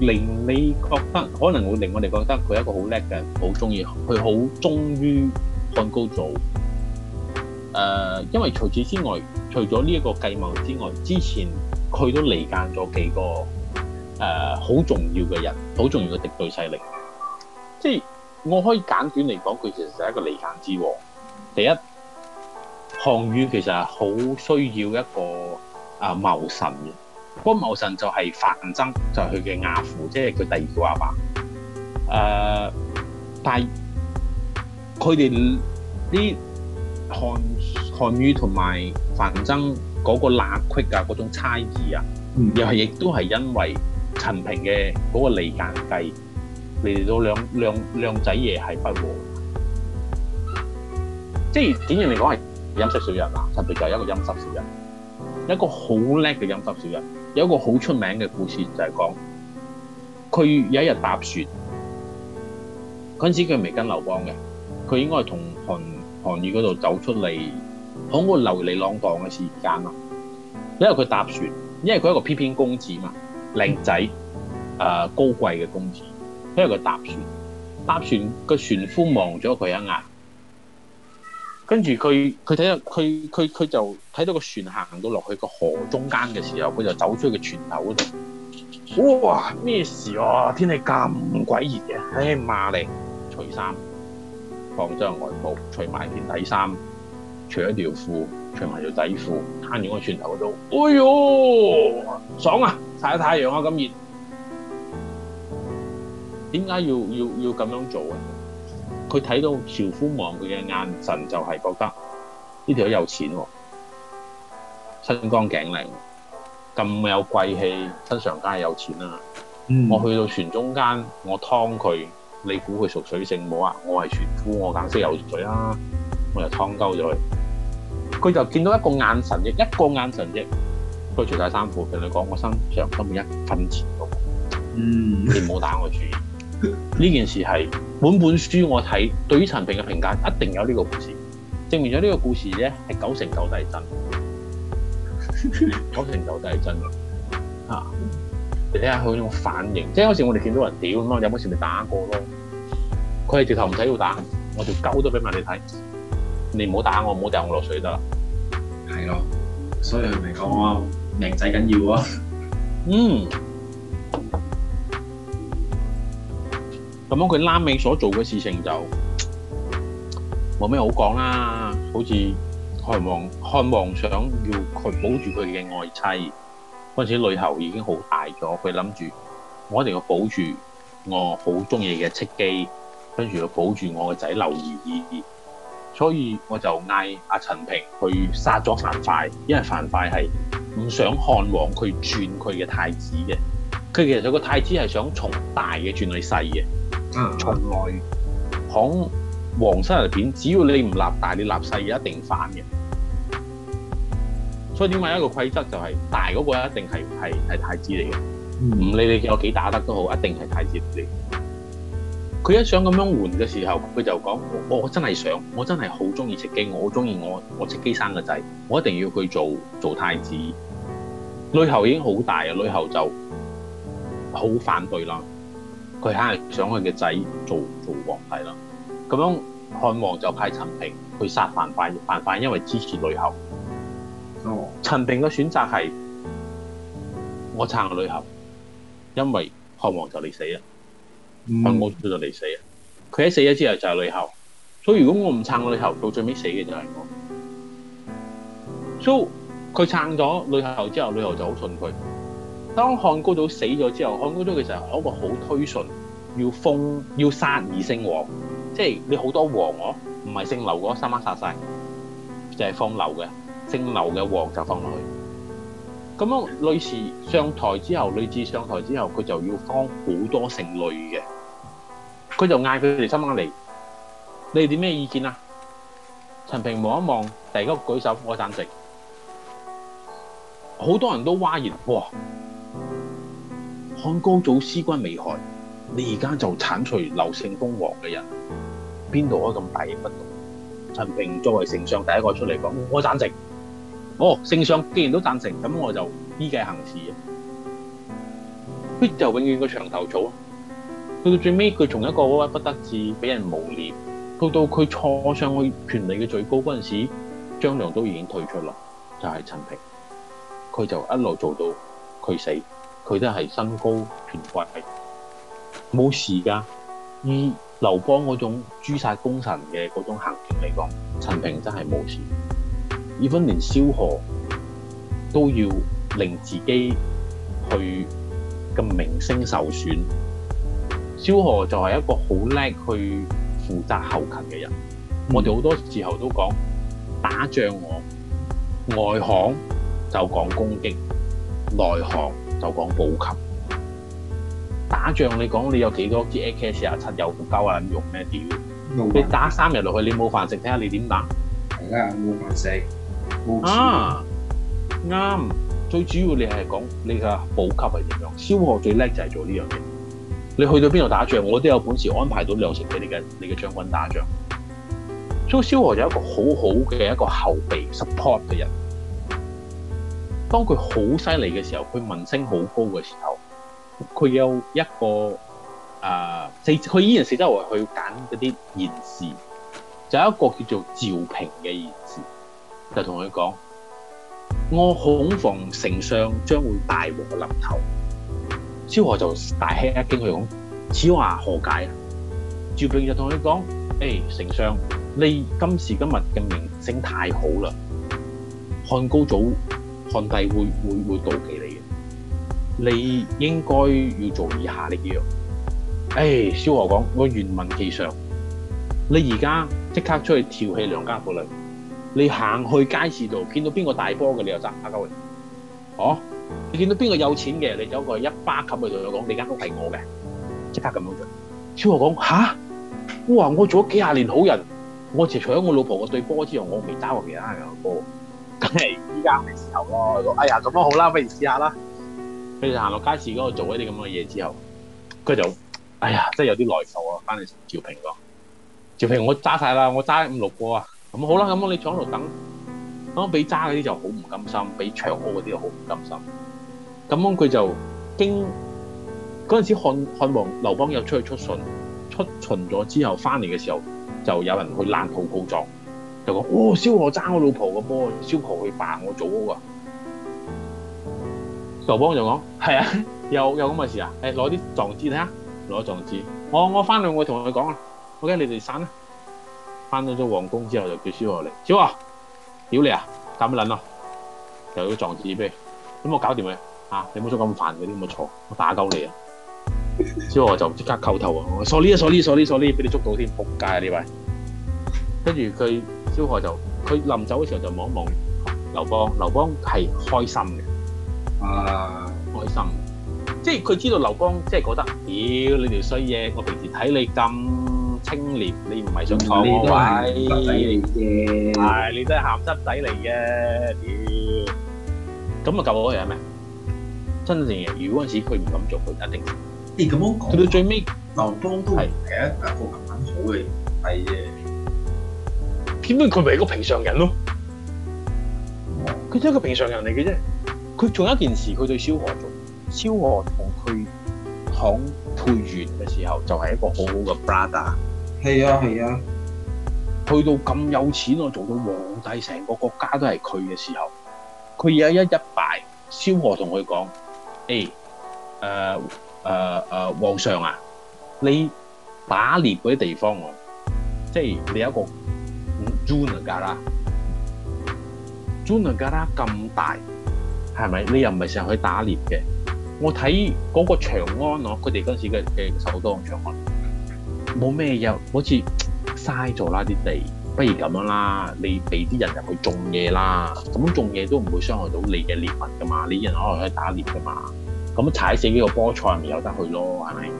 令你覺得可能會令我哋覺得佢係一個好叻嘅，好中意佢好忠於漢高祖。誒、呃，因為除此之外，除咗呢一個計謀之外，之前佢都離間咗幾個誒好、呃、重要嘅人，好重要嘅敵對勢力。即係我可以簡短嚟講，佢其實就係一個離間之王。第一，項羽其實係好需要一個。啊！謀臣嘅，嗰謀臣就係范增，就係佢嘅亞父，即係佢第二阿爸。誒、呃，但係佢哋啲漢漢儒同埋范增嗰個罅隙啊，嗰種猜疑啊，嗯、又係亦都係因為陳平嘅嗰個離間計，嚟到兩兩兩仔爺係不和的。即係，簡言嚟講係陰濕小人啦、啊，陳平就係一個陰濕小人。一個好叻嘅陰濕小人，有一個好出名嘅故事就係講，佢有一日搭船，嗰陣時佢未跟劉邦嘅，佢應該係同項項羽嗰度走出嚟，好冇流離浪蕩嘅時間啦。因為佢搭船，因為佢一個翩翩公子嘛，靚仔，誒、呃、高貴嘅公子，因為佢搭船，搭船個船夫望咗佢一眼。跟住佢，佢睇到佢佢佢就睇到個船行到落去個河中間嘅時候，佢就走出個船頭嗰度。哇！咩事啊？天氣咁鬼熱嘅，啊，唉，哎，抹嚟除衫，放張外套，除埋件底衫，除咗條褲，除埋條底褲，攤住個船頭嗰度。哎呦，爽啊！曬太陽啊，咁熱，點解要要要咁樣做啊？佢睇到樵夫望佢嘅眼神就係覺得呢條友有錢喎、啊，身光頸靚，咁有貴氣，身上梗係有錢啦、啊。嗯、我去到船中間，我劏佢，你估佢熟水性冇啊？我係船夫，我梗識有水啦、啊，我就劏鳩咗佢。佢就見到一個眼神啫，一個眼神啫，佢除晒衫褲，同你講我身上根本一分錢都冇，嗯、你唔好打我主意。呢件事係本本書我睇對於陳平嘅評價一定有呢個故事，證明咗呢個故事呢是係九成九係真，九成九都係真。你睇下佢嗰種反應，即係有時我哋見到人屌，有冇事咪打過囉？佢係直頭唔使要打，我條狗都俾埋你睇，你唔好打我，唔好掉我落水得啦。係咯，所以佢咪講啊，命仔緊要啊。 嗯。咁佢拉尾所做嘅事情就冇咩好講啦，好似漢王漢王想要佢保住佢嘅愛妻，嗰陣時呂后已經好大咗，佢諗住我一定要保住我好中意嘅戚姬，跟住要保住我個仔劉如意，所以我就嗌阿陳平去殺咗樊噲，因為樊噲係唔想漢王去串佢嘅太子嘅。佢其實有個太子係想從大嘅轉去細嘅，嗯、從來講皇室入邊，只要你唔立大，你立細一定反嘅。所以點解一個規則就係、係、大嗰個一定係係係太子嚟嘅，唔理、嗯、你有幾打得都好，一定係太子嚟。佢一想咁樣換嘅時候，佢就講：我我真係想，我真係好中意戚姬，我中意我我戚姬生嘅仔，我一定要佢做做太子。呂后已經好大啊，呂后就，好反對啦！佢肯定想佢嘅仔做做皇帝啦。咁樣漢王就派陳平去殺樊樊，樊噲，因為支持呂后。哦，陳平嘅選擇係我撐個呂后，因為漢王就嚟死啦，我我、嗯、就嚟死啦。佢一死咗之後就係呂后，所以如果我唔撐個呂后，到最尾死嘅就係我。所以佢撐咗呂后之後，呂后就好信佢。當漢高祖死咗之後，漢高祖其實係一個好推崇要封要殺而姓王，即係你好多王哦，唔係姓劉嗰一班殺晒，就係封劉嘅，姓劉嘅王就封落去。咁樣，呂氏上台之後，呂氏上台之後，佢就要封好多姓呂嘅，佢就嗌佢哋一班嚟，你哋啲咩意見啊？陳平望一望，第急舉手我，我贊成。好多人都嘩然，哇！漢高祖施君未害，你而家就鏟除劉姓封王嘅人，邊度可以咁大逆不道？陳平作為丞相第一個出嚟講，我贊成。哦，丞相既然都贊成，咁我就依計行事。佢就永遠個牆頭草，去到最尾佢從一個威不得志被人，俾人誣蔑，去到佢坐上去權力嘅最高嗰陣時候，張良都已經退出啦，就係、是、陳平，佢就一路做到佢死。佢都係身高權貴，冇事噶。以劉邦嗰種誅殺功臣嘅嗰種行徑嚟講，陳平真係冇事。而家連蕭何都要令自己去嘅名聲受損。蕭何就係一個好叻去負責後勤嘅人。我哋好多時候都講打仗，我外行就講攻擊，內行，就講補給，打仗你講你有幾多支 AK 四啊七有咁高啊？用咩屌？你打三日落去，你冇飯食，睇下你點打？係啊，冇飯食，啊，啱，最主要你係講你嘅補給係點樣？蕭何最叻就係做呢樣嘢。你去到邊度打仗，我都有本事安排到糧食俾你嘅，你嘅將軍打仗。所以蕭何就係一個好好嘅一個後備 support 嘅人。當佢好犀利嘅時候，佢名聲好高嘅時候，佢有一個誒，佢、呃、依然四周圍去揀嗰啲言事，就有一個叫做趙平嘅言事，就同佢講：，我恐防丞相將會大禍臨頭。蕭何就大吃一驚，佢講：此話何解、啊？趙平就同佢講：，誒、欸，丞相，你今時今日嘅名聲太好啦，漢高祖。皇帝會會會妒忌你嘅，你應該要做以下呢啲，樣、哎，誒，蕭何講，我願聞其詳。你而家即刻出去調戲良家婦女，你行去街市度見到邊個大波嘅，你又揸鳩佢。哦、啊,你見到邊個有錢嘅，你走過去一巴冚佢,同佢講你間屋係我嘅，即刻咁樣做。蕭何講，吓？哇！我做咗幾十年好人，我除咗我老婆個對波之外，我未揸過其他人嘅波。咁係依家嘅時候咯，哎呀，咁樣好啦，不如試下啦。佢就行到街市嗰度做一啲咁嘅嘢，之後，佢就，哎呀，真係有啲內疚啊，翻嚟，趙平咯。趙平，我揸晒啦，我揸五六個啊。咁好啦，咁我你坐喺度等。咁俾揸嗰啲就好唔甘心，俾長武嗰啲好唔甘心。咁樣佢就經嗰陣時，漢漢王劉邦又出去出巡，出巡咗之後翻嚟嘅時候，就有人去攔途告狀。就講哦，蕭何爭我老婆個波，蕭何去扮我做嗰個。劉邦就講：係啊，有有咁嘅事啊，誒、欸，攞啲狀紙睇下，攞狀紙。我我翻去我同佢講啊，OK，你哋散啦。翻到咗皇宮之後就叫蕭何嚟，蕭何，屌你啊，搞乜卵咯？又要狀紙咩？你我搞掂佢啊？你冇做咁煩嗰啲冇錯，我打鳩你啊！蕭何 就即刻叩頭啊，傻呢傻呢傻呢傻呢，俾、so so so、你捉到添，仆街啊呢位。跟住佢。就佢臨走嘅時候就望一望劉邦，劉邦係開心嘅，啊開心，即係佢知道劉邦即係覺得，屌、哎、你條衰嘢，我平時睇你咁清廉，你唔係想坐我、嗯、你都係鹹濕仔嚟嘅，係、哎你，哎、你都係鹹濕仔嚟嘅，屌、哎，咁啊夠我嘢係咩？真正如果嗰時佢唔敢做，佢一定，咁、欸、樣講到最尾劉邦都係第一，係一個咁好嘅人點解佢唔係一個平常人咯？佢真係一個平常人嚟嘅啫。佢仲有一件事，佢對蕭何做。蕭何同佢講退元嘅時候，就係一個好好嘅 brother。係啊係啊，是啊去到咁有錢，我做到皇帝，成個國家都係佢嘅時候，佢有一一拜。蕭何同佢講，誒，誒誒誒，皇上啊，你打獵嗰啲地方，即係你有一個。Junagara，Junagara 咁大，係咪？你又唔係成日去打獵嘅？我睇嗰個長安哦，佢哋嗰時嘅嘅首都長安，冇咩嘢，好似嘥咗啦啲地，不如咁樣啦，你俾啲人入去種嘢啦，咁種嘢都唔會傷害到你嘅獵物噶嘛，你人可能去打獵噶嘛，咁踩死幾個菠菜咪有得去咯，係咪？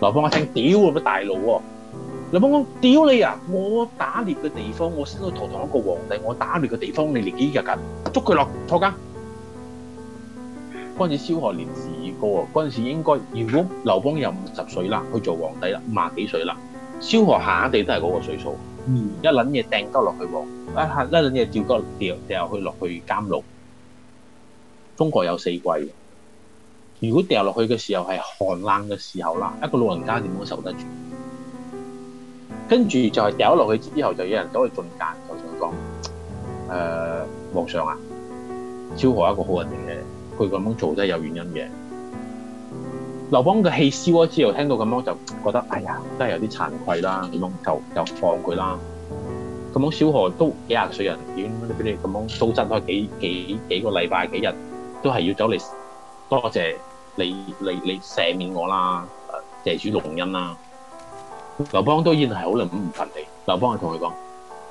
劉邦一聽，屌乜大佬喎！劉邦，邦：我屌你啊！我打獵嘅地方，我先去堂堂一個皇帝，我打獵嘅地方，你嚟幾日噶，啊？捉佢落坐監。嗰陣時蕭何年事已高嗰陣時，應該如果劉邦又五十歲啦，去做皇帝啦，五廿幾歲啦，蕭何下地都係嗰個歲數，一捻嘢掟得落去，一吓一捻嘢掉鳩掉掉去落去監獄。中國有四季，如果掉落去嘅時候係寒冷嘅時候啦，一個老人家點樣受得住？跟住就係掉落去之後，就有人走去進諫就就先講誒，皇、呃、上啊，蕭何一個好人嚟嘅，佢咁樣做都係有原因嘅。劉邦嘅氣消咗之後，聽到咁樣就覺得哎呀，真係有啲慚愧啦。咁樣就就放佢啦。咁樣蕭何都幾廿歲人，點點你咁樣糟質都係幾幾幾個禮拜幾日，都係要走嚟多謝你你你，你赦免我啦，謝主隆恩啦。劉邦都依然係好唔唔忿你，劉邦係同佢講：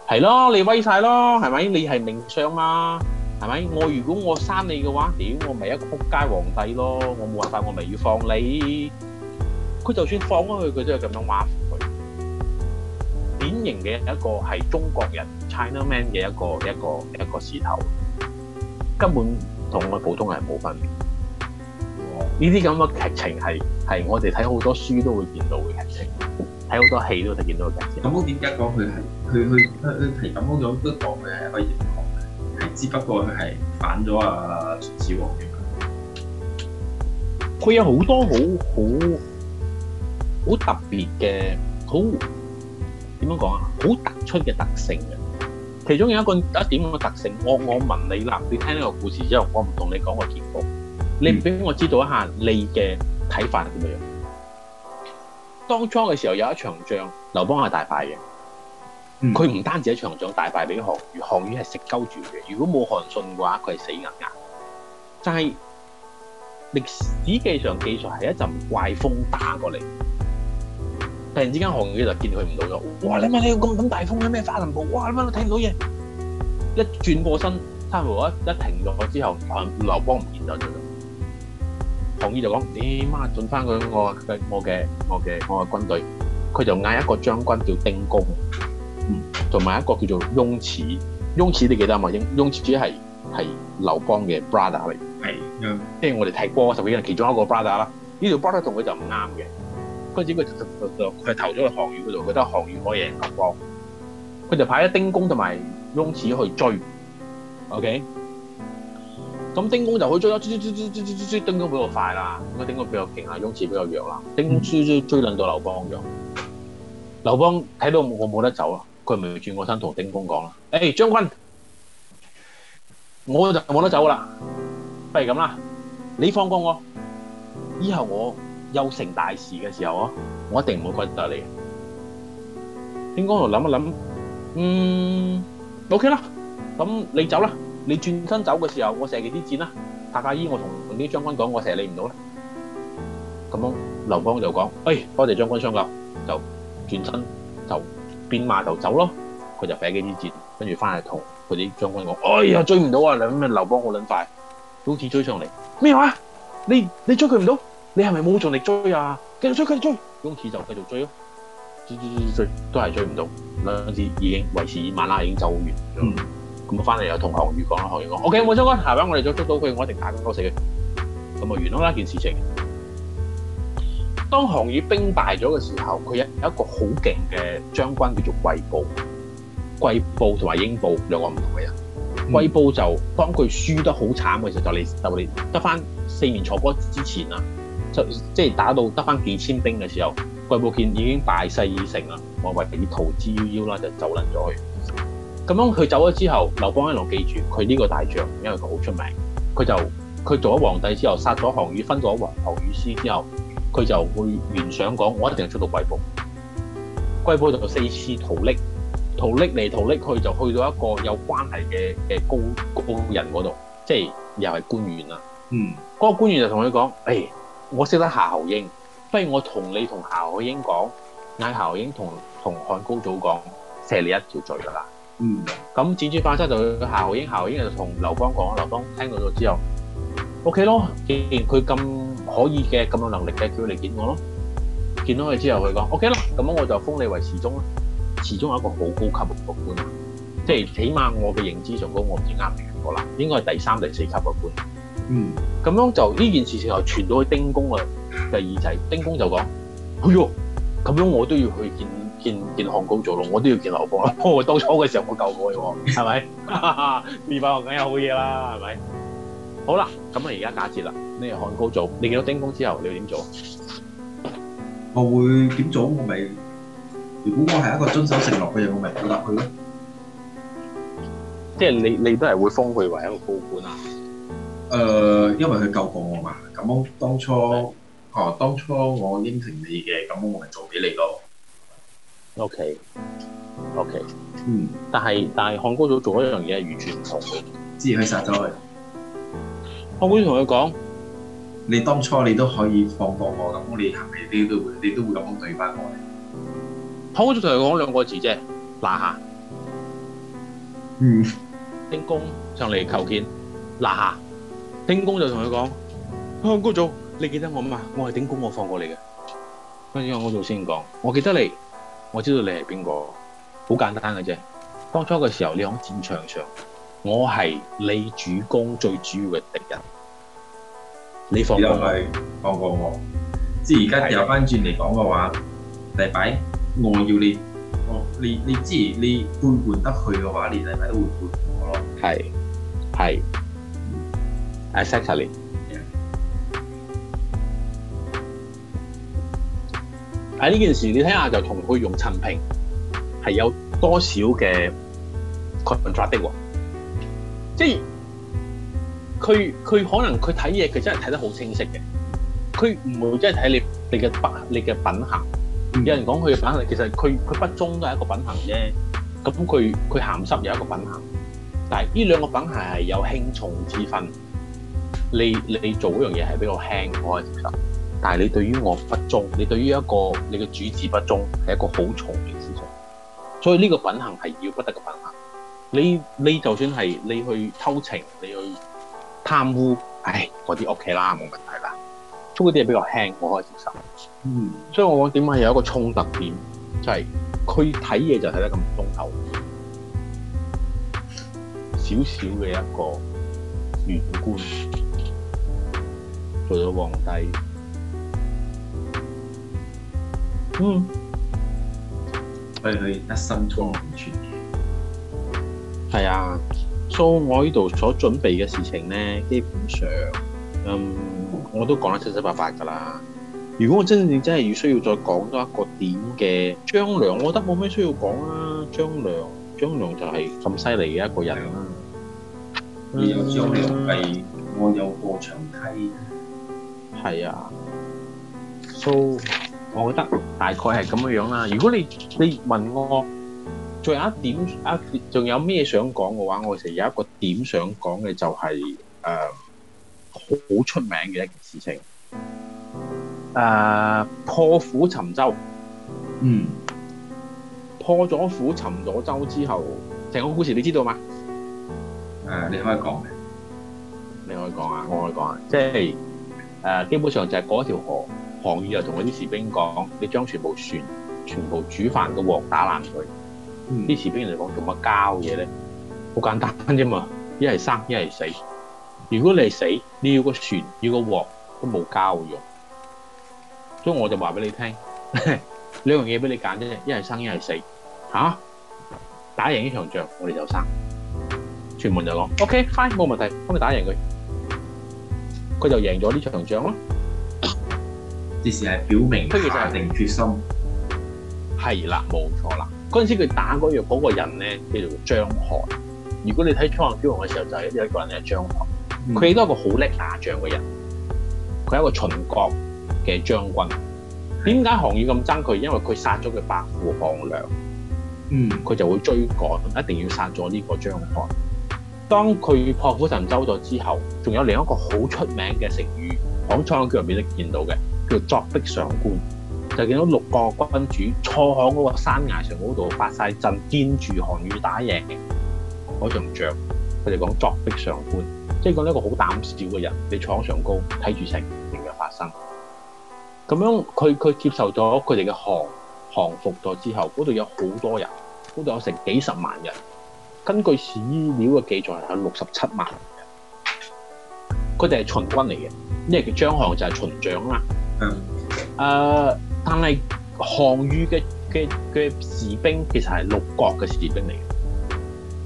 係咯，你威晒咯，係咪？你係名相嘛，係咪？我如果我刪你嘅話，屌我咪一個仆街皇帝咯？我冇辦法，我咪要放你。佢就算放咗佢，佢都係咁樣話佢。典型嘅一個係中國人 Chinaman 嘅一個一個一個事頭，根本同我普通人冇分別。呢啲咁嘅劇情係係我哋睇好多書都會見到嘅劇情。好多戲都睇見到，咁樣點解講佢係佢去佢佢係咁樣講都講佢係可以唔好嘅？只不過佢係反咗啊！小王，佢有好多好好好特別嘅好點樣講啊？好突出嘅特性嘅，其中有一個一點嘅特性，我我問你啦，你聽呢個故事之後，我唔同你講個結果，你唔俾我知道一下你嘅睇法係點樣？當初嘅時候有一場仗，劉邦係大敗嘅。佢唔、嗯、單止一場仗大敗俾項羽，項羽係食鳩住嘅。如果冇韓信嘅話，佢係死硬硬。就係歷史記上記載係一陣怪風打過嚟，突然之間項羽就見佢唔到咗。哇！你問你咁咁大風咩？發林部？哇！你乜都睇唔到嘢。一轉過身，差唔多一一停咗之後，劉邦唔見咗。項羽就講，你媽進翻佢我嘅我嘅我嘅我嘅軍隊，佢就嗌一個將軍叫丁公，同埋、嗯、一個叫做雍齒。雍齒你記得嘛？雍雍齒主要係係劉邦嘅 brother 嚟，係、嗯，即係我哋睇過十幾人，其中一個 brother 啦。呢條 brother 同佢就唔啱嘅，開始佢就就佢係投咗去項羽嗰度，覺得項羽可以贏劉邦，佢就派咗丁公同埋雍齒去追。OK。咁丁公就去追啦，追追追追追追追，丁公比較快啦，咁丁公比較勁啊，雍齒比較弱啦，丁公追追到劉邦咗。劉邦睇到我冇得走啦，佢咪轉過身同丁公講啦：，誒、欸，將軍，我就冇得走啦，不如咁啦，你放過我，以後我有成大事嘅時候我一定唔會怪得你。丁公就諗一諗，嗯，OK 啦，咁你走啦。你轉身走嘅時候，我射幾支箭啦、啊！白阿姨，我同啲將軍講，我射你唔到啦。咁樣，劉邦就講：，哎，多謝將軍相救。就轉身就變馬頭走咯。佢就射幾支箭，跟住翻去同佢啲將軍講：，哎呀，追唔到啊！咁樣，劉邦我撚快，多似追上嚟。咩話、啊？你你追佢唔到？你係咪冇盡力追啊？繼續追，繼續追，多次就繼續追咯。追追追追，追，都係追唔到。兩次已經維持晚啦，已經走完遠。嗯。咁、okay，我翻嚟又同項羽講啦，項羽講：，O K 冇錯啦，下晚我哋再捉到佢，我一定打佢到死佢，咁咪完啦呢件事情。當項羽兵敗咗嘅時候，佢有有一個好勁嘅將軍叫做季布。季布同埋英布兩個唔同嘅人。季布、嗯、就當佢輸得好慘嘅時候，就嚟就嚟得翻四面楚歌之前啊，就即係打到得翻幾千兵嘅時候，季布見已經敗勢已成啦，我唯有要逃之夭夭啦，就走甩咗去。咁樣佢走咗之後，劉邦一路記住佢呢個大將，因為佢好出名。佢就佢做咗皇帝之後，殺咗項羽，分咗王侯羽師之後，佢就會原想講：我一定出到貴部貴部。桂就四次逃匿，逃匿嚟逃匿去，就去到一個有關係嘅嘅高高人嗰度，即係又係官員啦。嗯，嗰個官員就同佢講：，誒、哎，我識得夏侯嬰，不如我同你同夏侯嬰講，嗌夏侯嬰同同漢高祖講，赦你一條罪㗎啦。嗯，咁輾轉反側就夏侯嬰，夏侯嬰就同劉邦講，劉邦聽到咗之後，OK 咯，既然佢咁可以嘅，咁有能力嘅，叫佢嚟見我咯。見到佢之後，佢講 O K 咯，咁樣我就封你為侍中啦。侍中係一個好高級嘅官，即係起碼我嘅認知上高，我唔知啱唔啱啦。應該係第三、第四級嘅官。嗯，咁樣就呢件事就傳到去丁公嘅耳仔，丁公就講：，哎喲，咁樣我都要去見。見漢高祖咯，我都要見劉邦啦。我當初嘅時候我救過你喎，係咪？哈， 面白學梗係好嘢啦，係咪？好啦，咁啊，而家假設啦，你係漢高祖，你見到丁公之後，你要點做，做？我會點做？我咪，如果我係一個遵守承諾嘅人，我咪表達佢咯。即係你，你都係會封佢為一個高官啊？誒、呃，因為佢救過我嘛。咁當初，的哦，當初我應承你嘅，咁我咪做俾你咯。O K，O K，嗯，但係但係，漢高祖做咗一樣嘢係完全唔同嘅，之前佢殺咗佢。漢高祖同佢講：你當初你都可以放過我，咁你哋後尾都都會你都會咁樣對翻我。漢高祖同佢講兩個字啫，拿下。嗯，丁公上嚟求見，拿下。丁公就同佢講：漢高祖，你記得我啊嘛？我係丁公，我放過你嘅。跟住漢高祖先講：我記得你。我知道你係邊個，好簡單嘅啫。當初嘅時候，你喺戰場上，我係你主公最主要嘅敵人。你放過我，放過我。即係而家掉返轉嚟講嘅話，禮拜的我要你，你你之前你背叛得去嘅話，你禮拜都會背叛我咯。係係，exactly。喺呢件事，你睇下就同佢用陳平係有多少嘅 content 抓的，的即係佢佢可能佢睇嘢，佢真係睇得好清晰嘅，佢唔會真係睇你你嘅品你嘅品行。嗯，有人講佢嘅品行，其實佢佢不忠都係一個品行啫。咁佢佢鹹濕又係一個品行，但係呢兩個品行係有輕重之分。你你做嗰樣嘢係比較輕的，我係覺得。但係你對於我不忠，你對於一個你嘅主子不忠，係一個好重嘅思想。所以呢個品行係要不得嘅品行。你你就算係你去偷情，你去貪污，唉，嗰啲屋企啦，冇問題啦。嗰啲嘢比較輕，我可以接受。嗯，所以我講點解有一個衝突點，就係佢睇嘢就睇得咁通透，小小嘅一個縣官做咗皇帝。嗯、啊，係佢一生中唔全嘅。係啊，So，我呢度所準備嘅事情咧，基本上，嗯，我都講得七七八八噶啦。如果我真正真係要需要再講多一個點嘅張良，我覺得冇咩需要講啊。張良，張良就係咁犀利嘅一個人啦。啊、有張良係，我有過長梯。係、嗯、啊，So。所以我覺得大概係咁樣樣啦。如果你你問我，仲有一點啊，仲有咩想講嘅話，我其實有一個點想講嘅就係、是、誒，好、呃、出名嘅一件事情誒，uh, 破釜沉舟。嗯，mm. 破咗釜沉咗舟之後，成個故事你知道嘛？誒，uh, 你可以講嘅，你可以講啊，我可以講啊，即係誒，基本上就係嗰一條河。項羽又同嗰啲士兵講：你將全部船、全部煮飯嘅鑊打爛佢。啲、嗯、士兵嚟講，做乜交嘢咧？好簡單啫嘛，一係生，一係死。如果你係死，你要個船，要個鑊，都冇交用。所以我就話俾你聽，兩樣嘢俾你揀啫，一係生，一係死。吓、啊，打贏呢場仗，我哋就生。全門就講：OK，fine，冇問題，幫你打贏佢。佢就贏咗呢場仗咯。件事係表明佢就實下定決心，係啦，冇錯啦。嗰陣時佢打嗰個個人咧，叫做章邯。如果你睇《楚漢驕雄》嘅時候，就係係嗯、有一個人係章邯。佢亦都係一個好叻打仗嘅人。佢係一個秦國嘅將軍。點解項羽咁憎佢？因為佢殺咗佢伯父項梁。嗯，佢就會追趕，一定要殺咗呢個章邯。當佢破釜沉舟咗之後，仲有另一個好出名嘅成語，喺《楚漢驕雄》入邊都見到嘅。叫作壁上觀，就見到六個君主坐響嗰個山崖上嗰度，發晒陣，堅住項羽打贏。嗰場仗，佢哋講作壁上觀，即係講一個好膽小嘅人，你坐喺上高睇住成件事嘅發生。咁樣佢佢接受咗佢哋嘅降降服之後，嗰度有好多人，嗰度有成幾十萬人。根據史料嘅記載，有六十七萬人。佢哋係秦軍嚟嘅，咩叫章邯就係秦將啦。嗯，誒、呃，但係項羽嘅嘅嘅士兵其實係六國嘅士兵嚟嘅，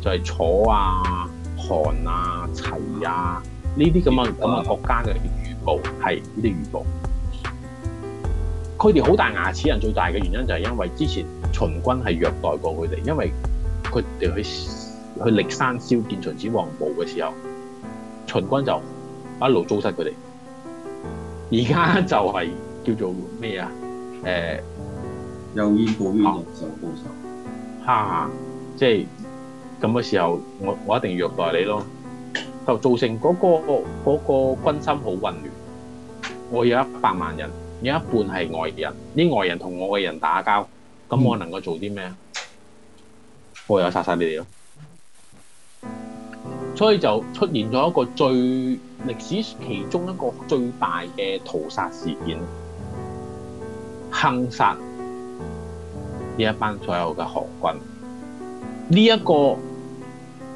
就係、是、楚啊、韓啊、齊啊呢啲咁嘅咁啊國家嘅餘部，係呢啲餘部。佢哋好大牙齒人，最大嘅原因就係因為之前秦軍係虐待過佢哋，因為佢哋去去驪山燒建秦始皇墓嘅時候，秦軍就一路糟質佢哋。而家就係叫做咩啊？誒，有依個依個受高手嚇，即係咁嘅時候，我我一定要虐待你咯，就造成嗰個嗰個軍心好混亂。我有一百萬人，有一半係外地人，啲外人同我嘅人打交，咁我能夠做啲咩？我又殺晒你哋咯。所以就出現咗一個最。歷史其中一個最大嘅屠殺事件，坑殺呢一班所有嘅韓軍，呢、這、一個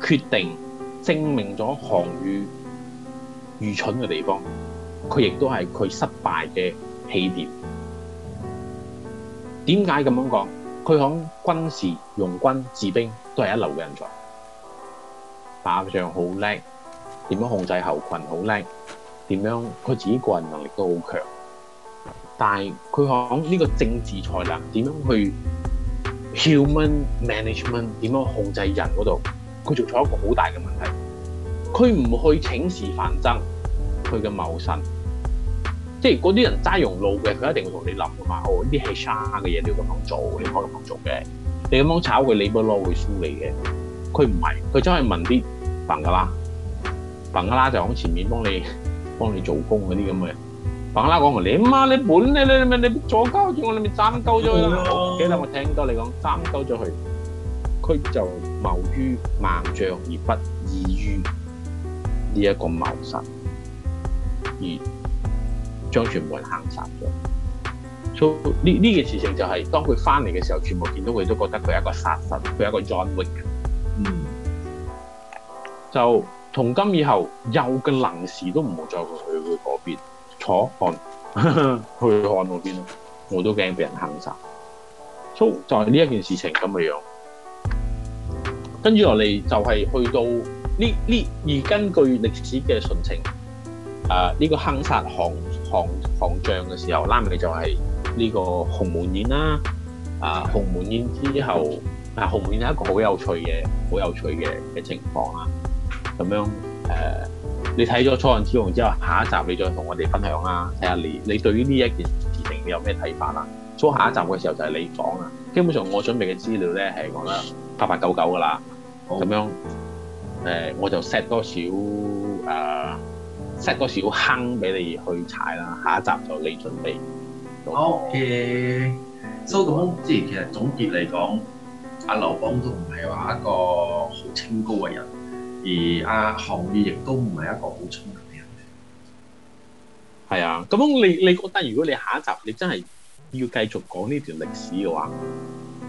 決定證明咗韓愈愚蠢嘅地方，佢亦都係佢失敗嘅起點。點解咁樣講？佢響軍事用軍治兵都係一流嘅人才，打仗好叻。點樣控制猴群好叻？點樣佢自己個人能力都好強，但係佢講呢個政治才能，點樣去 human management 點樣控制人嗰度，佢做錯一個好大嘅問題。佢唔去請示范增，佢嘅謀臣，即係嗰啲人齋用腦嘅，佢一定會同你諗噶嘛。哦，呢啲係沙嘅嘢，都要咁樣做，你可咁唔做嘅。你咁樣炒佢，理不攞會輸你嘅。佢唔係佢真係問啲笨噶啦。彭阿拉就喺前面幫你幫你做工嗰啲咁嘅，彭阿拉講，你媽你本你你你你，你，你坐交住我，你咪斬鳩咗啦！記得、嗯、好我聽到你講斬鳩咗佢，佢就謀於萬象而不意於呢一個謀殺，而將全部人坑殺咗。所以呢呢件事情就係、是、當佢翻嚟嘅時候，全部見到佢都覺得佢係一個殺神，佢係一個 John Wick。嗯，就。從今以後，有嘅能事都唔好再去去嗰邊坐漢去看嗰邊咯，我都驚俾人坑殺。粗就係呢一件事情咁嘅樣。跟住落嚟就係去到呢呢，而根據歷史嘅純情，誒、呃、呢、這個坑殺行行行將嘅時候，拉埋你就係呢個鴻門宴啦、啊。啊，鴻門宴之後，啊鴻門宴係一個好有趣嘅、好有趣嘅嘅情況啦。咁樣誒、呃，你睇咗《楚漢之王》之後，下一集你再同我哋分享啦。睇下你你對於呢一件事情你有咩睇法啦、啊？初下一集嘅時候就係你講啊。基本上我準備嘅資料咧係講得八八九九噶啦，咁好樣誒、呃、我就 set 多少誒 set 多少坑俾你去踩啦。下一集就你準備。好的，誒、嗯，收到，即係其實總結嚟講，阿劉邦都唔係話一個好清高嘅人。而阿項羽亦都唔係一個好聰明嘅人。係啊，啊。咁你你覺得，如果你下一集你真係要繼續講呢段歷史嘅話，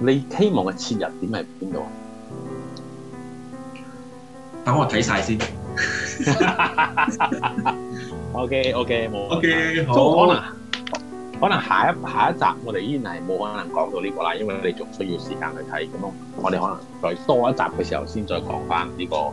你希望嘅切入點係邊度？等我睇晒先 okay, okay。O K O K 冇 O K 好。可能可能下一下一集我哋依然係冇可能講到呢個啦，因為你哋仲需要時間去睇。咁樣我哋可能再多一集嘅時候先再，再講翻、這、呢個。